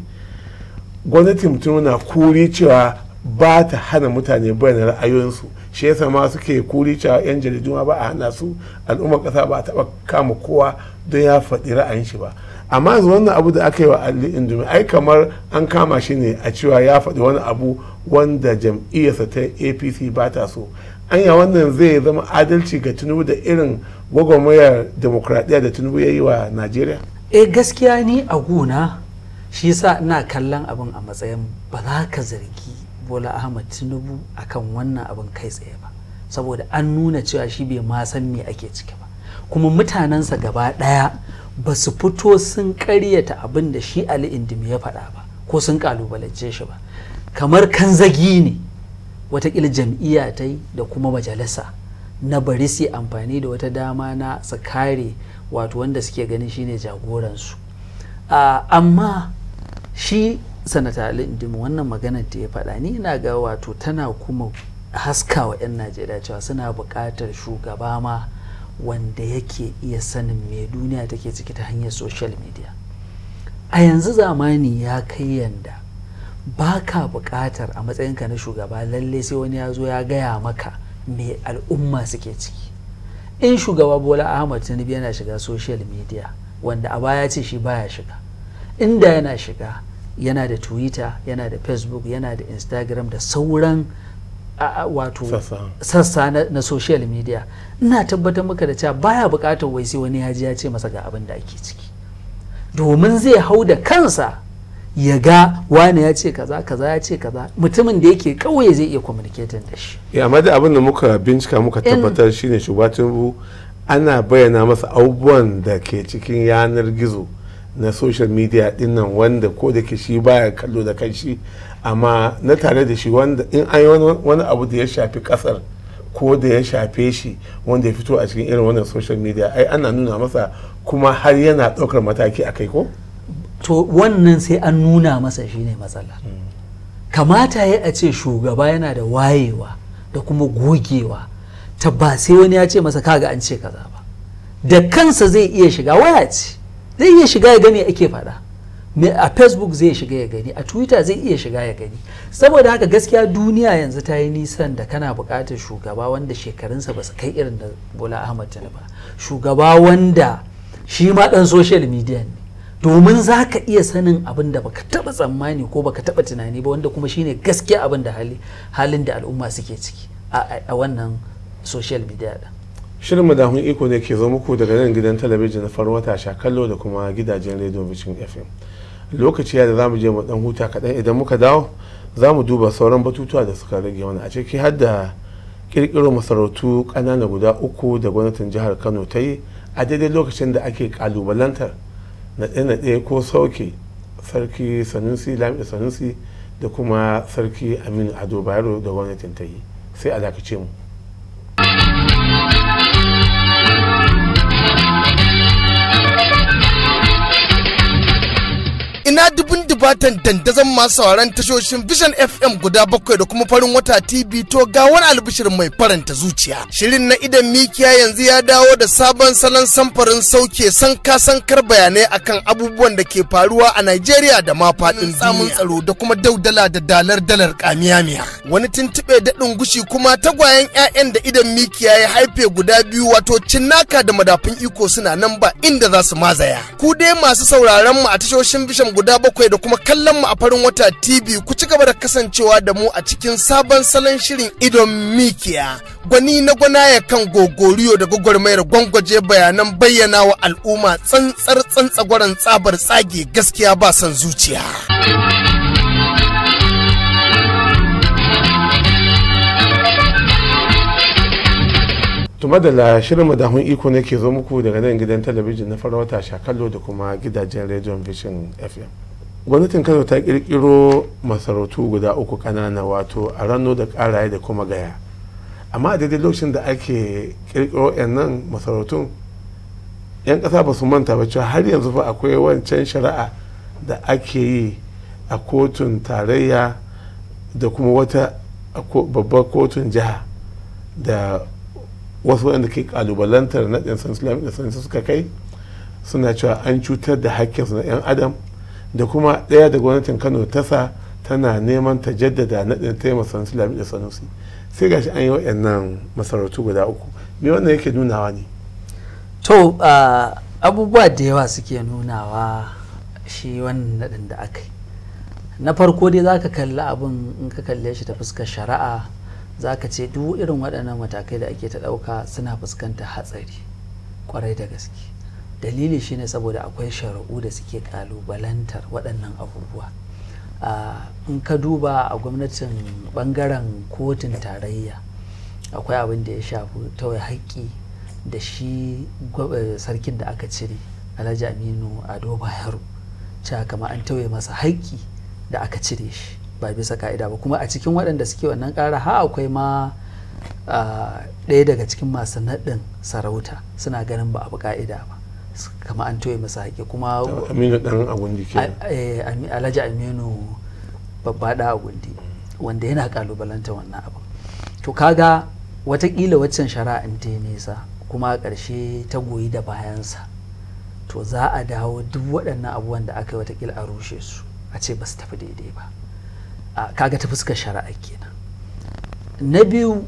gwamnatin tinubu na kuri cewa ba ta hana mutane bayyana ra'ayoyinsu shi yasa ma suke kuri cewa yan jaridu ba a hana su al'ummar kasa ba a kama kowa don ya faɗi ra'ayin shi ba amma yanzu wannan abu da aka yi wa ali indomi ai kamar an kama shi ne a cewa ya faɗi wani abu wanda jam'iyyarsa ta apc ba ta so anya wannan zai zama adalci ga tinubu da irin gwagwarmayar demokradiyya da tinubu ya yi wa najeriya e gaskiya ni a gona shi yasa ina kallon abin a matsayin ba za ka zargi bola ahmad tinubu akan wannan abin kai tsaye ba saboda an nuna cewa shi bai ma san me ake ciki ba kuma mutanensa gaba ɗaya ba su fito sun karyata abin da shi ali indimi ya faɗa ba ko sun kalubalance shi ba kamar kan zagi ne watakila jam'iyya ta yi da kuma majalisa na bari su amfani da wata dama na su kare wato wanda suke ganin shine jagoransu ah, amma shi sanata ali wannan maganar da ya faɗa ni ina ga wato tana kuma haskawa 'yan najeriya cewa suna buƙatar shugaba ma wanda yake iya sanin me duniya take ciki ta hanyar social media a yanzu zamani ya kai yanda ba ka buƙatar a matsayinka na shugaba lalle sai wani ya zo ya gaya maka me al'umma suke ciki in shugaba bola ahmad tinubu yana shiga social media wanda a baya ce shi baya shiga inda yana shiga yana da twitter yana da facebook yana da instagram da sauran wato sassa na social media ina tabbatar maka da cewa baya bukatar wai sai wani ya ji ya ce masa ga abin da ake ciki domin zai hau da kansa ya ga wani ya ce kaza kaza ya ce kaza mutumin da yake kauye zai iya communicating da shi ya amma da abin da muka bincika muka tabbatar shine shugaba ana bayyana masa abubuwan da ke cikin yanar gizo na social media dinnan wanda ko da ke shi baya kallo da shi amma na tare da shi wanda in an wani abu da ya shafi kasar ko da ya shafe shi wanda ya fito a cikin irin wannan social media ai ana nuna masa kuma har yana ɗaukar mataki a kai ko? to wannan sai an nuna masa shi ne matsala kamata ya a ce shugaba yana da wayewa da kuma gogewa ta ba sai wani ya ce masa kaga an ce kaza ba da kansa zai iya shiga waya ce zai iya shiga ya gani ake faɗa a facebook zai shiga ya gani a twitter zai iya shiga ya gani saboda haka gaskiya duniya yanzu ta yi nisan da kana buƙatar shugaba wanda shekarunsa ba su kai irin da bola ahmad ba shugaba wanda shi ma ɗan social media ne domin za ka iya sanin abin da baka taɓa tsammani ko baka taɓa tunani ba wanda kuma shine gaskiya abin da halin da al'umma suke ciki a wannan social media ɗin shirin madahun iko ne ke zo muku daga nan gidan talabijin na farwata kallo da kuma gidajen rediyo bishin fm lokaci da za mu je mu dan huta kaɗan idan muka dawo za mu duba sauran batutuwa da suka rage mana a ciki har da kirkiro masarautu ƙanana guda uku da gwamnatin jihar kano ta yi a daidai lokacin da ake kalubalantar naɗe-naɗe ko sauke sarki sanusi lami sanusi da kuma sarki aminu ado bayero da gwamnatin ta yi sai a dakace mu Bye. ina dubun dubatan dandazon masu sauran tashoshin vision fm guda bakwai da kuma farin wata tv to ga wani albishir mai faranta zuciya shirin na idan mikiya yanzu ya dawo da sabon salon samfarin sauke sanka sankar bayanai akan abubuwan da ke faruwa a nigeria da ma faɗin samun tsaro da kuma daudala da dalar dalar kamiyamiya wani tuntuɓe daɗin gushi kuma tagwayen 'ya'yan da idan mikiya ya haife guda biyu wato cinnaka da madafin iko suna nan ba inda za su mazaya ku dai masu sauraron mu a tashoshin vision guda bakwai da kuma kallon mu a farin wata TV ku ci gaba da kasancewa da mu a cikin sabon salon shirin idon mikiya gwani na gwanaya kan gogoriyo da gwagwarmayar gwangwaje bayanan bayyana wa al'umma tsantsar tsantsagwaran tsabar tsage gaskiya ba son zuciya. to madalla shirin madahun iko ne ke zo muku daga nan gidan talabijin na farauta wata shakallo da kuma gidajen rediyon vision fm gwamnatin kano ta kirkiro masarautu guda uku kanana wato a rano da karaye da kuma gaya amma a daidai lokacin da ake kirkiro yan nan masarautun yan kasa ba su manta ba cewa har yanzu fa akwai wancan shari'a da ake yi a kotun tarayya da kuma wata babbar kotun jiha da wasu wanda ke kalubalantar na ɗan islamic da sansu suka kai suna cewa an cutar da haƙƙinsu na 'yan adam da kuma ɗaya da gwamnatin kano tasa tana neman ta jaddada na ɗan taimaka san islamic da sanusi sai gashi an yi waɗannan masarautu guda uku me wannan yake nunawa ne to abubuwa da yawa suke nunawa shi wannan naɗin da aka yi na farko dai za ka kalli abin in ka kalle shi ta fuskar shari'a za ka ce duk irin waɗannan matakai da ake ta ɗauka suna fuskantar hatsari kwarai da gaske dalili shine saboda akwai shari'u da suke kalubalantar waɗannan abubuwa in ka duba a gwamnatin ɓangaren kotun tarayya akwai abin da ya shafi tawai haƙƙi da shi eh, sarkin da aka cire alhaji aminu ado bayero cewa kama an tauye masa haƙƙi da aka cire shi ba bisa ka'ida ba kuma a cikin waɗanda suke wannan ƙara ha akwai ma ɗaya daga cikin masu naɗin sarauta suna ganin ba abu ka'ida ba kama an toye masa haƙi kuma aminu ɗan agundi ke eh, alhaji aminu babba da agundi wanda yana ƙalubalanta wannan abu to kaga watakila waccan in ta nisa kuma a ƙarshe ta goyi da bayansa to za a dawo duk waɗannan abubuwan da aka yi watakila a rushe su a ce ba su tafi daidai ba kaga ta fuskar shari'a kenan na biyu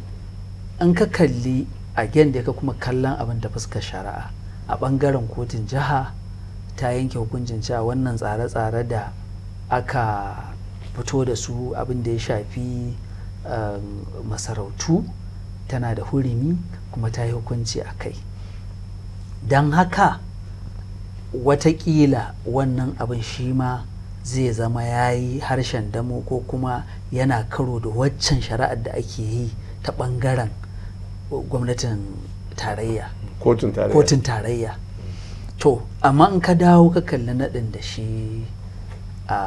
in ka kalli gen da ka kuma kallon abin ta fuskar shari'a a bangaren kotun jiha ta yanke hukuncin cewa wannan tsare-tsare da aka fito da su abin da ya shafi um, masarautu tana da hurumi kuma ta yi hukunci a kai don haka watakila wannan abin shi ma zai zama ya yi harshen damo ko kuma yana karo da waccan shari'ar da ake yi ta ɓangaren gwamnatin tarayya kotun tarayya to amma in ka dawo ka kalli naɗin da shi a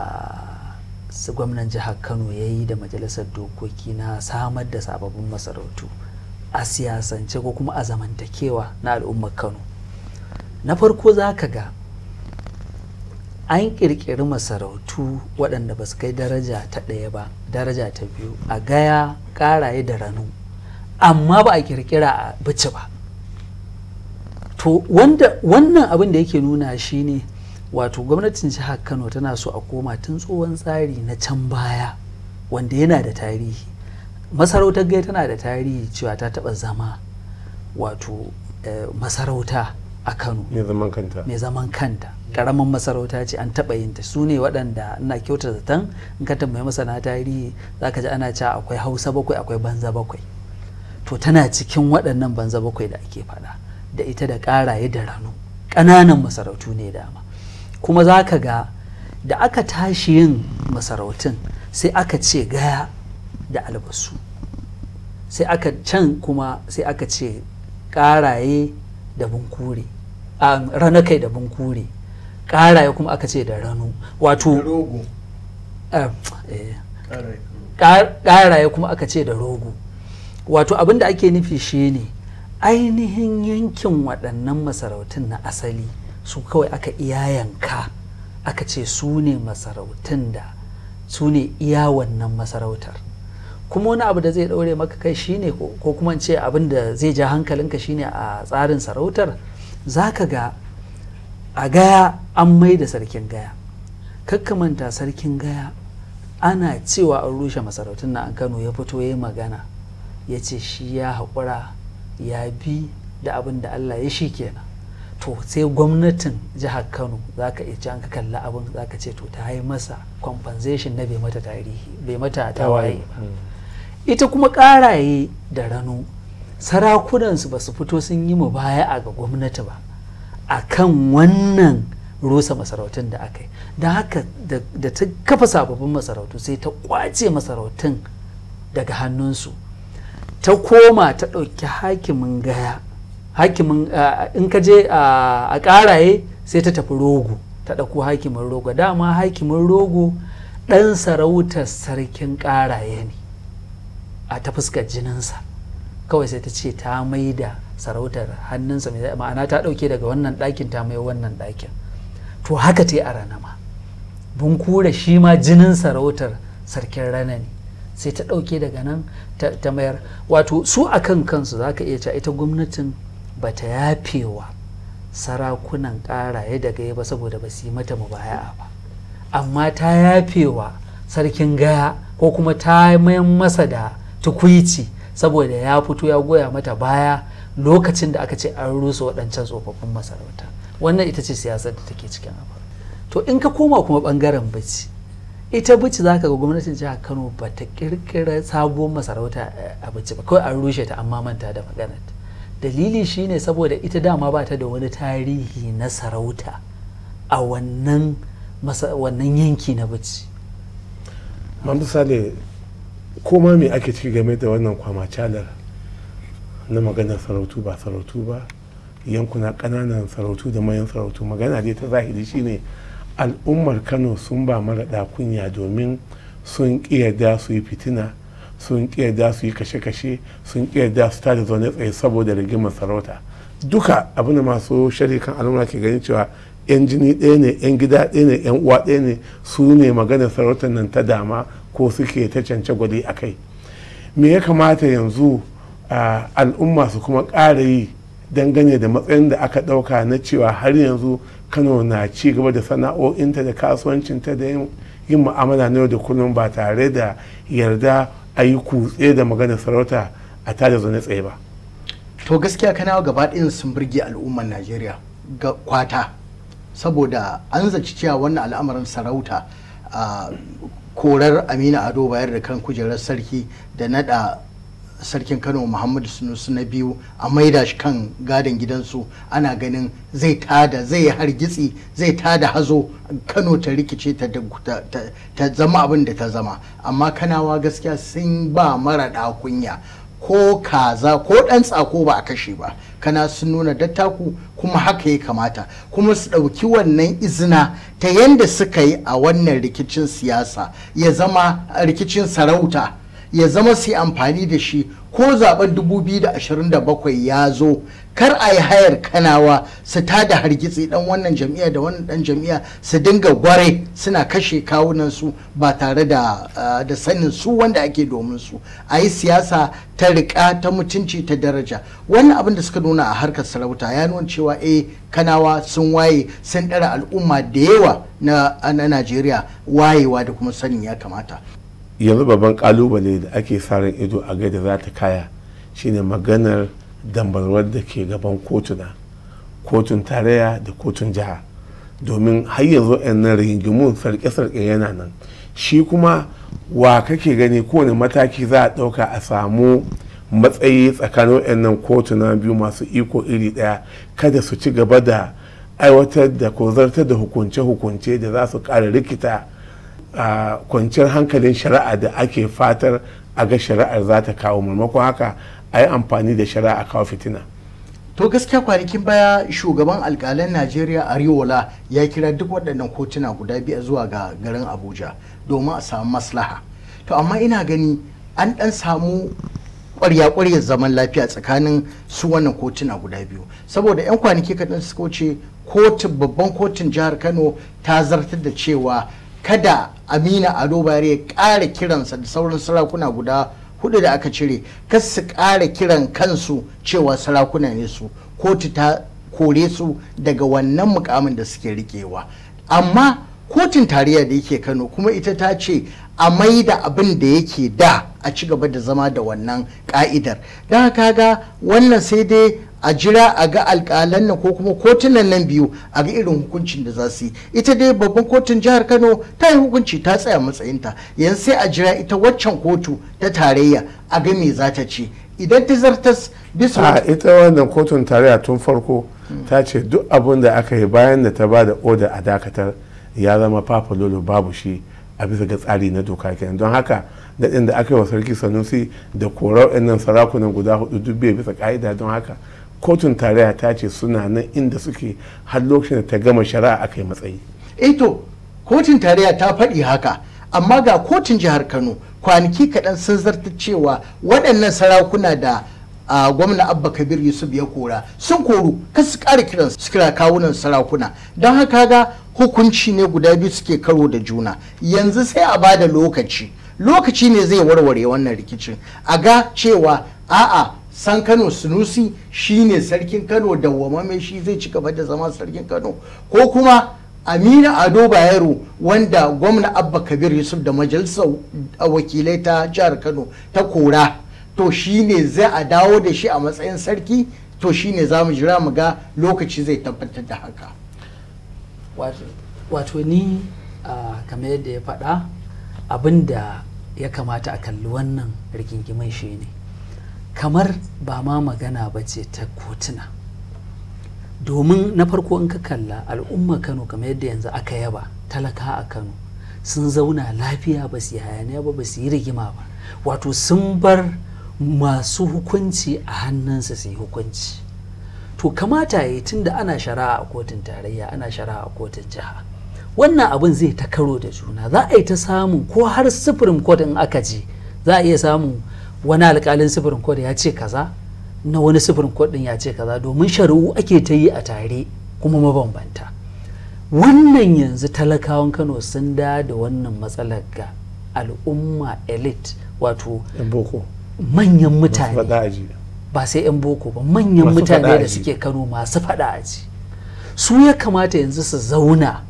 su gwamnan jihar kano ya yi da majalisar dokoki na samar da sababbin masarautu a siyasance ko kuma a zamantakewa na al'ummar kano na farko za ka ga an ƙirƙiri masarautu waɗanda ba su kai daraja ta ɗaya ba daraja ta biyu a gaya ƙaraye da ranu amma ba a ƙirƙira a bici ba to wannan abin da yake nuna shi ne wato gwamnatin jihar kano tana so a koma tun tsohon tsari na can baya wanda yana da tarihi masarautar gai tana da tarihi cewa ta taɓa zama wato eh, masarauta a kano mai zaman kanta mai zaman kanta karamin masarauta ce an taɓa yin ta su ne waɗanda ina kyauta zaton in ka tambayi masana tarihi zaka ji ana cewa akwai hausa bakwai akwai banza bakwai to tana cikin waɗannan banza bakwai da ake faɗa da ita da ƙaraye da rano ƙananan masarautu ne dama kuma za ga da aka tashi yin masarautun sai aka ce gaya da albasu sai aka can kuma sai aka ce ƙaraye da bunkure an rana kai da bunkure ya kuma aka ce da rano wato eh, eh. ya kuma aka ce da rogo wato abin da ake nufi shine ainihin yankin waɗannan masarautun na asali su kawai aka iya yanka? aka ce su ne masarautun da su ne iya wannan masarautar kuma wani abu da zai ɗaure maka kai shine ko kuma ce abin da zai ja hankalinka shine a tsarin sarautar za ka ga a gaya an mai da sarkin gaya kakkamanta sarkin gaya ana cewa an rushe masarautun na an kano ya fito ya yi magana ya ce shi ya haƙura ya bi da abin da allah ya shi kenan to sai gwamnatin jihar kano za ka iya can ka kalli abin za ka ce to ta yi masa compensation na bai mata tarihi bai mata tawaye ba hmm. ita kuma ƙaraye da rano sarakunansu ba su fito sun yi mu baya a ga gwamnati ba a kan wannan rusa masarautun da aka yi da haka da ta kafa sababbin masarautu sai ta kwace masarautun daga hannunsu ta koma ta ɗauki hakimin gaya hakimin in ka je a ƙaraye sai ta tafi rogo ta ɗauko hakimin rogo dama hakimin rogo ɗan sarautar sarkin ƙaraye ne a ta fuskar jininsa kawai sai ta ce ta mai da sarautar hannunsa mai ma'ana ta ɗauke daga wannan ɗakin ta mai wannan ɗakin to haka ta yi a rana ma bunkura shi ma jinin sarautar sarkin rana ne sai ta ɗauke daga nan ta mayar wato su a kan kansu za ka iya cewa ita gwamnatin ba ta yafewa sarakunan ƙaraye da gaya ba saboda ba su yi mata mubaya'a ba amma ta yafewa sarkin gaya ko kuma ta mayan masa da tukwici saboda ya fito ya goya mata baya lokacin da aka ce an rusa waɗancan tsofaffin masarauta wannan ita ce siyasar da take cikin abu to in ka koma kuma ɓangaren bici ita bici za ka ga gwamnatin jihar kano ba ta ƙirƙira sabuwar masarauta a bici ba kawai an rushe ta amma manta da maganar dalili shine saboda ita dama ba ta da wani tarihi na sarauta a wannan yanki na bici. Mamdu Sale ko ma me ake ciki game da wannan kwamacalar na maganar sarautu ba sarautu ba yankuna ƙananan sarautu da mayan sarautu magana dai ta zahiri shine al'ummar kano sun ba mara kunya domin sun ƙiyarda su yi fitina sun ƙiyarda su yi kashe-kashe sun ƙiyarda su tada zaune tsaye saboda rigimar sarauta duka abin da masu sharikan al'umma ke ganin cewa yan jini ɗaya ne yan gida ɗaya ne yan uwa ɗaya ne su ne maganar sarautar nan ta dama ko suke ta cance gwali a kai me ya kamata yanzu al'umma su kuma ƙara yi dangane da matsayin da aka ɗauka na cewa har yanzu kano na ci gaba da sana'o'inta da kasuwancinta da yin ma'amala na yau da kullum ba tare da yarda a yi kutse da magana sarauta a tada zaune tsaye ba to gaskiya kanawa gaba ɗayan sun birge al'ummar najeriya ga kwata saboda an zaci cewa wannan al'amarin sarauta korar aminu ado bayar da kan kujerar sarki da nada sarkin kano muhammadu sunusu na biyu a maida shi kan gadon gidansu ana ganin zai tada zai hargitsi zai tada hazo kano ta rikice ta zama abin da ta zama amma kanawa gaskiya sun ba mara kunya ko kaza ko ɗan tsako ba a kashe ba kana sun nuna dattaku kuma haka ya kamata kuma su ɗauki wannan izina ta yadda suka yi a wannan rikicin siyasa ya zama rikicin sarauta ya zama su yi amfani da shi ko zaben 2027 ya zo kar a yi hayar kanawa su da hargitsi dan wannan jam'iyya da wannan dan jam'iyya su dinga gware suna kashe kawunan su ba tare da ah, da sanin su wanda ake domin su a yi siyasa ta riƙa ta mutunci ta daraja wannan abin da suka nuna a harkar sarauta ya nuna cewa eh kanawa sun waye sun ɗara al'umma da yawa na najeriya wayewa da kuma sanin ya kamata yanzu babban kalubale da ake sa ido a gaida za ta kaya shine maganar dambarwar da ke gaban kotuna kotun tarayya da kotun jiha domin har yanzu yan nan rigingimun sarke-sarke yana nan shi kuma wa kake gani kowane mataki za a ɗauka a samu matsayi tsakanin yan nan kotuna biyu masu iko iri ɗaya kada su ci gaba da aiwatar da ko zartar da hukunce-hukunce da za su ƙara rikita a kwanciyar hankalin shari'a da ake fatar a ga shari'ar za ta kawo maimakon haka a yi amfani da shari'a a kawo fitina to gaskiya kwanakin baya shugaban alkalan najeriya ariola ya kira duk waɗannan kotuna guda biyu zuwa ga garin abuja domin a samu maslaha to amma ina gani an ɗan samu ƙwarya-ƙwarya zaman lafiya tsakanin su wannan kotuna guda biyu saboda 'yan kwanaki kaɗan suka wuce kotun babban kotun jihar kano ta zartar da cewa kada amina ado bare ya ƙara kiransa da sauran sarakuna guda hudu da aka cire kas su kara kiran kansu cewa sarakuna ne su kotu ta kore su daga wannan mukamin da suke rikewa amma kotun tarayya da yake kano kuma ita ta ce a maida abin da yake da a ci gaba da zama da wannan ka'idar don haka ga wannan sai dai a jira a ga alƙalan nan ko kuma kotunan nan biyu a ga irin hukuncin da za su yi ita dai babban kotun jihar kano ta yi hukunci ta tsaya matsayinta yanzu sai a jira ita waccan kotu ta tarayya a ga me za ta ce idan ta zartas bisa a ita wannan kotun tarayya tun farko ta ce duk abin da aka yi bayan da ta ba da oda a dakatar ya zama fafa babu shi a bisa ga tsari na doka kenan don haka daɗin da aka yi wa sarki sanusi da korar nan sarakunan guda hudu duk bai bisa ka'ida don haka kotun tarayya ta ce suna nan inda suke har lokacin da ta gama shari'a a kai matsayi eh to kotun tarayya ta faɗi haka amma ga kotun jihar kano kwanaki kaɗan sun zarta cewa waɗannan sarakuna da a gwamna abba kabir yusuf ya kora sun koru kan su ƙara kiran su kira kawunan sarakuna don haka ga hukunci ne guda biyu suke karo da juna yanzu sai a bada lokaci lokaci ne zai warware wannan rikicin a ga cewa a'a san kano sunusi shine sarkin kano dawwamame shi zai ci gaba da zama sarkin kano ko kuma amina ado bayero wanda gwamna abba kabir yusuf da majalisar wakilai ta jihar kano ta kora to shine zai a dawo da shi a matsayin sarki to shine za mu jira mu ga lokaci zai tabbatar da haka wato ni kamar yadda ya faɗa abin da ya kamata a kalli wannan rigingimin shi ne kamar ba ma magana ba ce ta kotuna domin na farko in ka kalla al'umma kano kamar yadda yanzu aka yaba talaka a kano sun zauna lafiya ba su yi hayaniya ba ba su yi rigima ba wato sun bar masu hukunci a hannunsa su yi hukunci to kamata ya tun da ana shara'a a kotun tarayya ana shara'a a kotun jiha wannan abin zai ta karo da juna za a yi ta samun ko har sufurin kotun aka je za a iya samun wani alkalin sifirin kod ya ce kaza na wani sifirin kod ɗin ya ce kaza domin shari'u ake ta yi a tare kuma mabambanta wannan yanzu talakawan kano sun da da wannan matsalar ga al'umma elite wato manyan mutane ba sai 'yan boko ba manyan mutane da suke kano masu fada a su ya kamata yanzu su zauna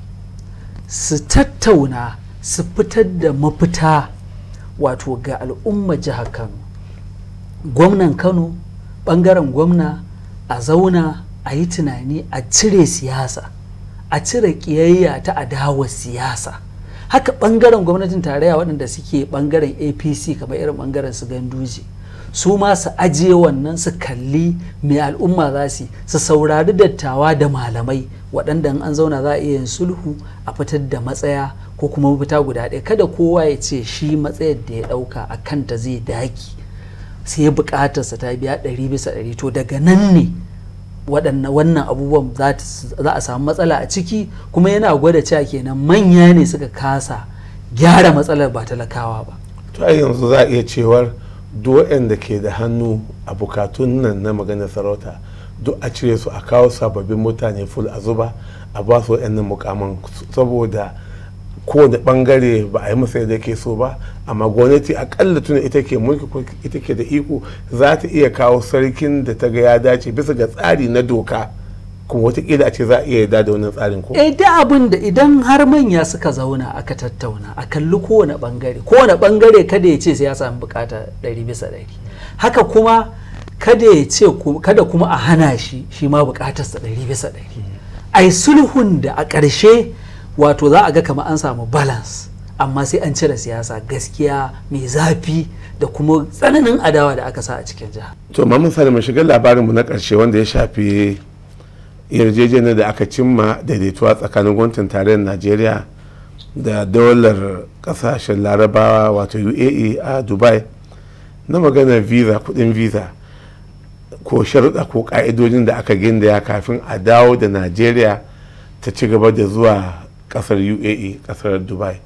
su tattauna su fitar da mafita wato ga al'umma jihar kano gwamnan kano bangaren gwamna a zauna a yi tunani a cire siyasa a cire kiyayya ta adawa siyasa haka bangaren gwamnatin tarayya waɗanda suke bangaren apc kamar irin bangaren su ganduje su ma su ajiye wannan su kalli mai al'umma za su su saurari dattawa da malamai waɗanda an zauna za a iya yin sulhu a fitar da matsaya ko kuma mafita guda ɗaya kada kowa ya ce shi matsayar da ya ɗauka a kanta zai daki sai ya sa ta biya ɗari bisa ɗari to daga nan ne waɗannan wannan abubuwan za a samu matsala a ciki kuma yana gwada cewa kenan manya ne suka kasa gyara matsalar ba talakawa ba to yanzu za a iya cewar da ke da hannu a bukatun nan na maganar sarauta duk a cire su a kawo sababbin mutane ful a zuba a ba su waɗannan mukaman saboda kowane bangare ba a yi masa yadda ke so ba amma gwamnati akalla tuna ita ke mulki ita ke da iko za ta iya kawo sarkin da ta ga ya dace bisa ga tsari na doka kuma watakila a ce za a iya yarda da wannan tsarin ko? Eh da abin da idan har manya suka zauna aka tattauna a kalli kowane bangare kowane bangare kada ya ce sai ya samu bukata ɗari bisa ɗari haka kuma kada ya ce kada kuma a hana shi shi ma bukatarsa ɗari bisa ɗari ai sulhun da a ƙarshe wato za a ga kama an samu balance amma sai an cire siyasa gaskiya mai zafi da kuma tsananin adawa da aka sa a cikin jiha. to mamun sa mu shigar labarinmu na ƙarshe wanda ya shafi yarjejeniyar da aka cimma daidaituwa tsakanin gwamnatin tarayyar najeriya da daular kasashen larabawa wato uae a dubai na maganar visa kudin visa ko sharuɗa ko ƙa'idodin da aka gindaya kafin a dawo da najeriya ta ci gaba da zuwa ƙasar uae ƙasar dubai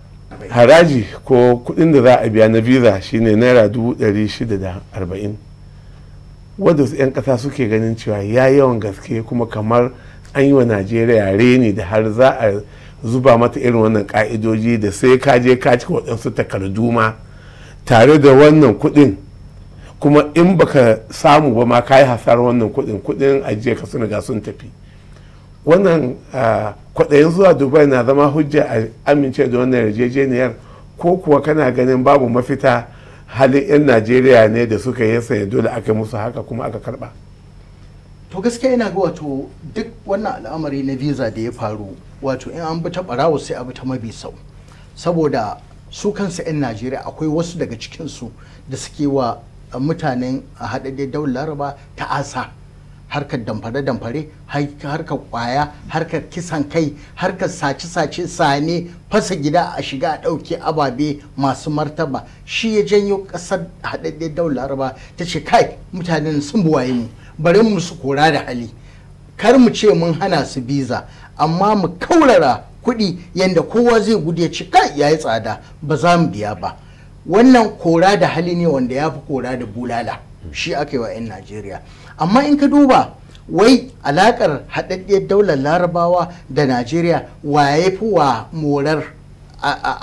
haraji ko kudin da za a biya na visa shine naira 640 wadda 'yan kasa suke ganin cewa ya yawan gaske kuma kamar an yi wa najeriya reni da har za a zuba mata irin wannan ka'idoji da sai ka je ka cika waɗansu takardu ma tare da wannan kuɗin kuma in baka samu ba ma ka yi hasar wannan kuɗin kuɗin ajiye ka suna ga sun tafi wannan kwaɗayin zuwa dubai na zama hujja a amince da wannan yarjejeniyar ko kuwa kana ganin babu mafita halin 'yan najeriya ne da suka yi sanya dole aka musu haka kuma aka karba to gaskiya ina ga wato duk wannan al'amari na visa da ya faru wato in an bi ta barawo sai a bi ta mabi sau saboda su kansu 'yan najeriya akwai wasu daga cikinsu da suke wa mutanen a haɗaɗɗen daular laraba ta asa harkar damfare-damfare harkar kwaya harkar kisan kai harkar sace-sace sane fasa gida a shiga a ɗauki ababe masu martaba shi ya janyo ƙasar haɗaɗɗen daular laraba ta ce kai mutanen sun buwaye mu bari mu su kora da hali kar mu ce mun hana su biza amma mu kaurara kuɗi yadda kowa zai gude ci kai ya yi tsada ba za mu biya ba wannan kora da hali ne wanda ya fi kora da bulala shi aka yi wa 'yan najeriya amma in ka duba wai alakar haɗaɗɗiyar daular larabawa da najeriya waye fi wa morar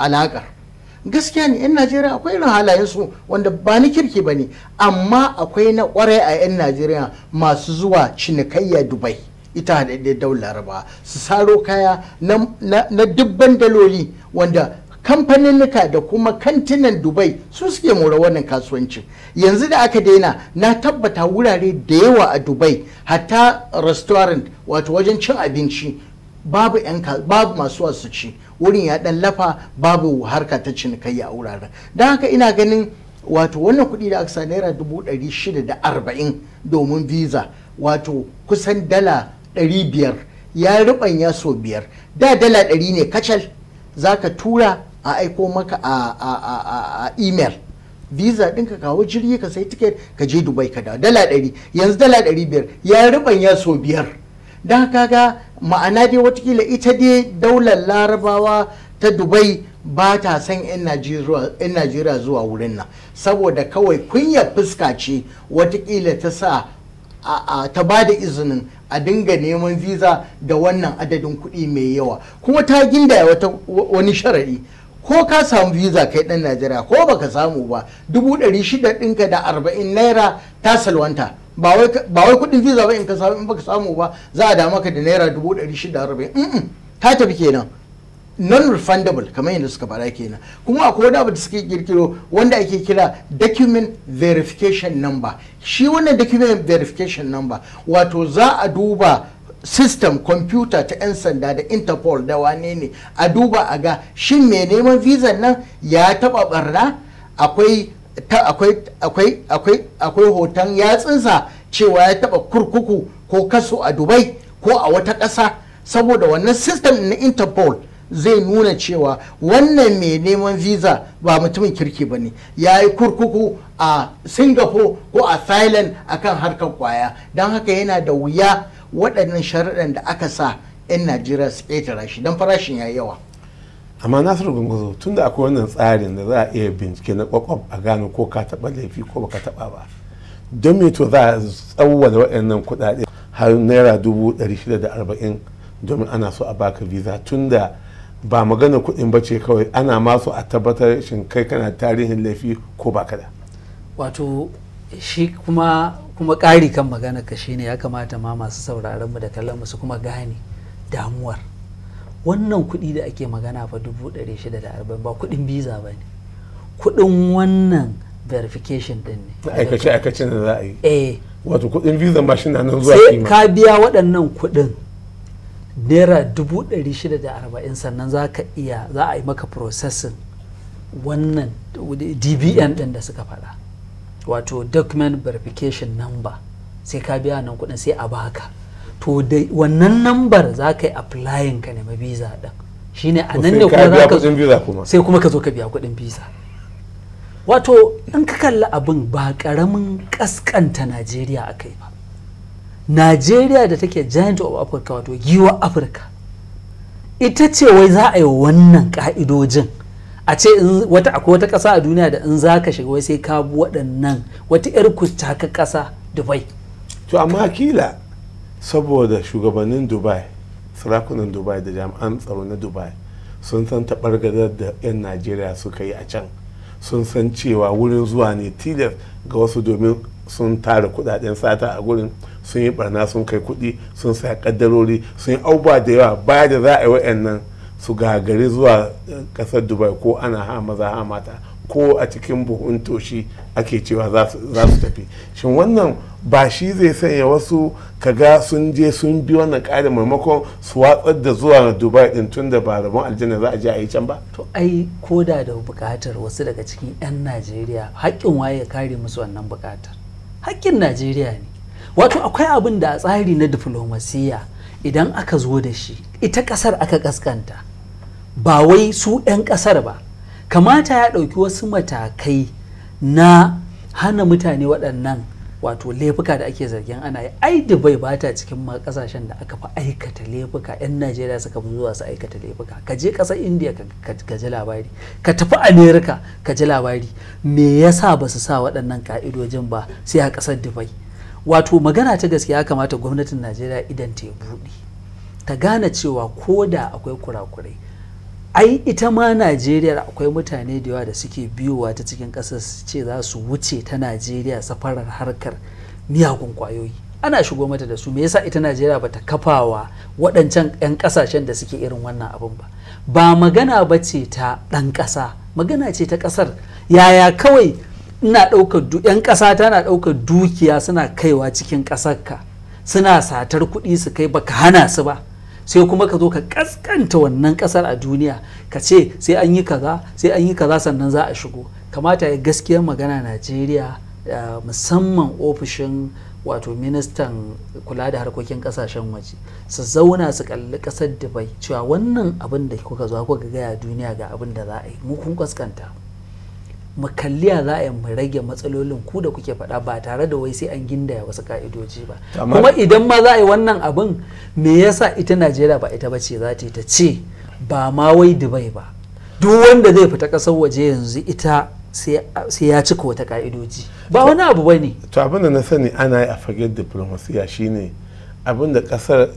alakar gaskiya ne 'yan najeriya akwai irin halayensu wanda ba ni kirki ba ne amma akwai na kwarai a 'yan najeriya masu zuwa cinikayya dubai ita haɗaɗɗiyar daular larabawa su saro kaya na dubban daloli wanda kamfaninnika da kuma kantinan dubai su suke mora wannan kasuwancin yanzu da aka daina na tabbata wurare da yawa a dubai hatta restaurant wato wajen cin abinci babu babu masu wasu ci wurin ya dan lafa babu harka ta cinikayya a wuraren don haka ina ganin wato wannan kuɗi da aka sa naira dubu ɗari shida da arba'in domin visa wato kusan dala ɗari biyar ya rubanya sau biyar da dala ɗari ne kacal za ka tura a aiko maka a email visa ɗinka kawo jirgi ka sai tiket ka je dubai ka da dala ɗari yanzu dala ɗari biyar ya ya so biyar don kaga ma'ana dai watakila ita dai daular larabawa ta dubai ba ta son 'yan najeriya zuwa wurin nan saboda kawai kunya fuska ce watakila ta sa ta ba da izinin a dinga neman visa da wannan adadin kuɗi mai yawa kuma ta gindaya wani sharaɗi ko ka samu visa kai dan najeriya ko baka samu ba dubu ɗari shida ɗinka da arba'in naira ta salwanta ba wai kuɗin visa ba in ka samu in baka samu ba za a dama ka da naira dubu ɗari shida arba'in ta tafi kenan non refundable kamar yadda suka faɗa kenan kuma akwai wani abu da suke kirkiro wanda ake kira document verification number shi wannan document verification number wato za a duba system computer ta 'yan sanda da interpol da wane ne a duba a ga shin mai neman visa nan ya taba barna akwai akwai hoton yatsinsa cewa ya taba kurkuku ko kaso a dubai ko a wata ƙasa saboda wannan system na interpol zai nuna cewa wannan mai neman visa ba mutumin kirki ba ne ya yi kurkuku a singapore ko a thailand akan harkar kwaya don haka yana da wuya waɗannan sharaɗan da aka sa 'yan najeriya su ƙetara shi don farashin ya yawa amma nasiru gungunzo tun da akwai wannan tsarin da za a iya bincike na kwakwab a gano ko ka taɓa laifi ko baka taɓa ba don me to za a tsawwala waɗannan kuɗaɗe har naira dubu ɗari shida da arba'in domin ana so a baka visa tun da ba magana kuɗin ba ce kawai ana ma so a tabbatar shin kai kana tarihin laifi ko baka da wato shi kuma kuma ƙari kan magana ka shine ya kamata ma masu sauraron mu da kallon mu su kuma gane damuwar wannan kuɗi da ake magana fa dubu ɗari shida da arba'in ba kuɗin biza ba ne kuɗin wannan verification ɗin ne aikace aikace da za a yi eh wato kuɗin biza ma shi na nan zuwa kima sai ka biya waɗannan kuɗin naira dubu ɗari shida da arba'in sannan za ka iya za a yi maka processing wannan dbn ɗin da suka faɗa wato document verification number sai ka biya nan kudin sai a baka to da wannan number za ka yi applying ka ma visa din shine a nan ne kuma za ka sai kuma ka zo ka biya kudin visa wato in ka kalli abin ba karamin kaskanta najeriya a kai ba najeriya da take giant of africa wato giwa afirka ita ce wai za a yi wannan ka'idojin a ce wata akwai wata ƙasa a duniya da in za ka shiga wai sai ka bi waɗannan wata 'yar ka ƙasa dubai to amma kila saboda shugabannin dubai sarakunan dubai da jami'an tsaro na dubai sun san taɓargazar da 'yan najeriya suka yi a can sun san cewa wurin zuwa ne tilas ga wasu domin sun tara kudaden sata a gurin sun yi barna sun kai kudi sun sa kaddarori sun yi abubuwa da yawa baya da za a yi nan su gagari zuwa kasar eh, dubai ko ana ha maza ha mata ko a cikin buhun toshi ake cewa za su tafi shin wannan ba shi zai sanya wasu kaga sun je sun bi wannan ƙari maimakon su watsar da zuwa dubai din tun da ba rabon aljanna za a je a yi can ba to ai koda da bukatar wasu daga cikin 'yan najeriya haƙƙin waye kare musu wannan bukatar haƙƙin najeriya ne wato akwai abin da a tsari na diflomasiyya idan aka zo da shi ita ƙasar aka ƙaskanta ba wai su 'yan ƙasar ba kamata ya ɗauki wasu matakai na hana mutane waɗannan wato laifuka da ake zargin ana yi ai da ba ta cikin ma kasashen da aka fi aikata laifuka yan najeriya suka fi zuwa su aikata laifuka ka je kasar Indiya ka ji labari ka tafi Amerika ka ji labari me yasa ba su sa waɗannan ka'idojin ba sai a kasar dubai wato magana ta gaske ya kamata gwamnatin najeriya idan ta buɗe ta gane cewa ko da akwai kurakurai ai ita ma najeriya akwai mutane da yawa da suke biyowa ta cikin ƙasar su ce za su wuce ta najeriya safarar harkar miyagun kwayoyi ana shigo mata da su me yasa ita najeriya ba ta kafawa waɗancan 'yan ƙasashen da suke irin wannan abin ba ba magana ba ce ta ɗan ƙasa magana ce ta ƙasar yaya kawai ina ɗaukar 'yan ƙasa tana ɗaukar dukiya suna kaiwa cikin ƙasar ka? suna satar kuɗi su kai baka hana su ba sai kuma ka zo ka kaskanta wannan kasar a duniya ka ce sai an yi kaza sai an yi kaza sannan za a shigo kamata ya gaskiyar magana najeriya eh, musamman ofishin wato ministan kula da harkokin kasashen waje su zauna su kalli kasar dubai cewa wannan abin da kuka zo kuka gaya duniya ga abin da za a yi mu kun kaskanta mu kalliya za a yi mu rage matsalolin ku da kuke faɗa ba tare da wai sai an gindaya wasu ka'idoji ba kuma idan ma za a yi wannan abin me yasa ita najeriya ba ita bace za ta yi ta ce ba ma wai dubai ba duk wanda zai fita kasar waje yanzu ita sai ya cika wata ka'idoji ba wani abu ba ne to abin da na sani ana yi a fagen diplomasiya shine abin da ƙasar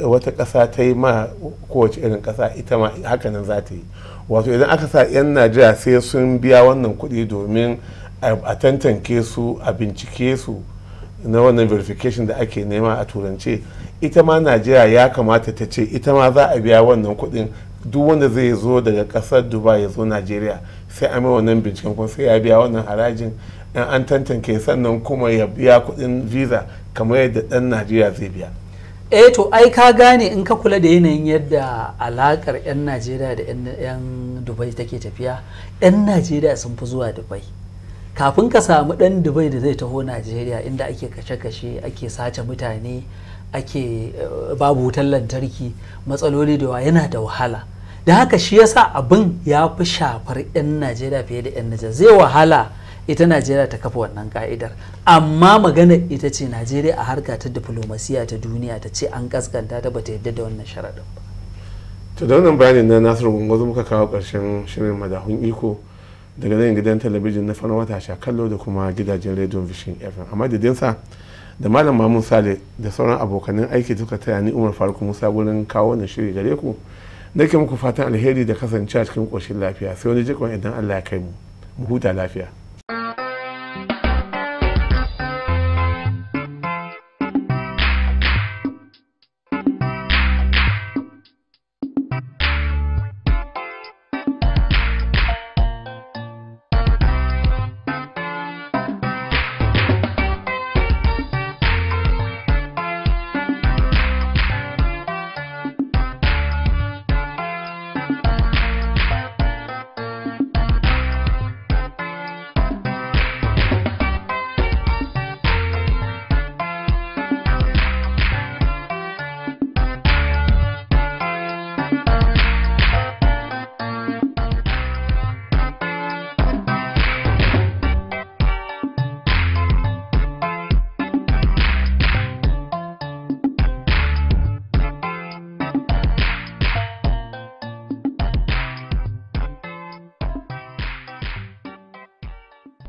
wata ƙasa ta yi ma kowace irin ƙasa ita ma hakanan za ta yi wato idan aka sa 'yan najeriya sai sun biya wannan kuɗi domin a tantanke su a bincike su na wannan verification da ake nema a turance ita ma najeriya ya kamata ta ce ita ma za a biya wannan kuɗin duk wanda zai zo daga ƙasar dubai ya zo najeriya sai a mai wannan binciken kuma sai ya biya wannan harajin an tantanke sannan kuma ya biya kuɗin visa kamar yadda ɗan najeriya zai biya eh to ai ka gane in ka kula da yanayin yadda alakar 'yan najeriya da 'yan dubai take tafiya 'yan najeriya sun fi zuwa dubai kafin ka samu ɗan dubai da zai taho najeriya inda ake kashe-kashe ake sace mutane ake eh, babu wutar lantarki matsaloli da yana da wahala da haka shi yasa abin ya fi shafar 'yan najeriya fiye da 'yan najeriya zai wahala ita najeriya ta kafa wannan ka'idar amma magana ita ce najeriya a harka ta diplomasiya ta duniya ta ce an kaskanta ta bata yadda da wannan sharaɗin ba to da wannan bayanin na nasiru gungunzu muka kawo ƙarshen shirin madahun iko daga nan gidan talabijin na farin wata sha kallo da kuma gidajen rediyon vision fm amma sa da malam mamun sale da sauran abokanin aiki suka taya ni umar faruk musa gurin kawo wannan shiri gare ku nake muku fatan alheri da kasance a cikin ƙoshin lafiya sai wani jikon idan allah ya kai mu mu huta lafiya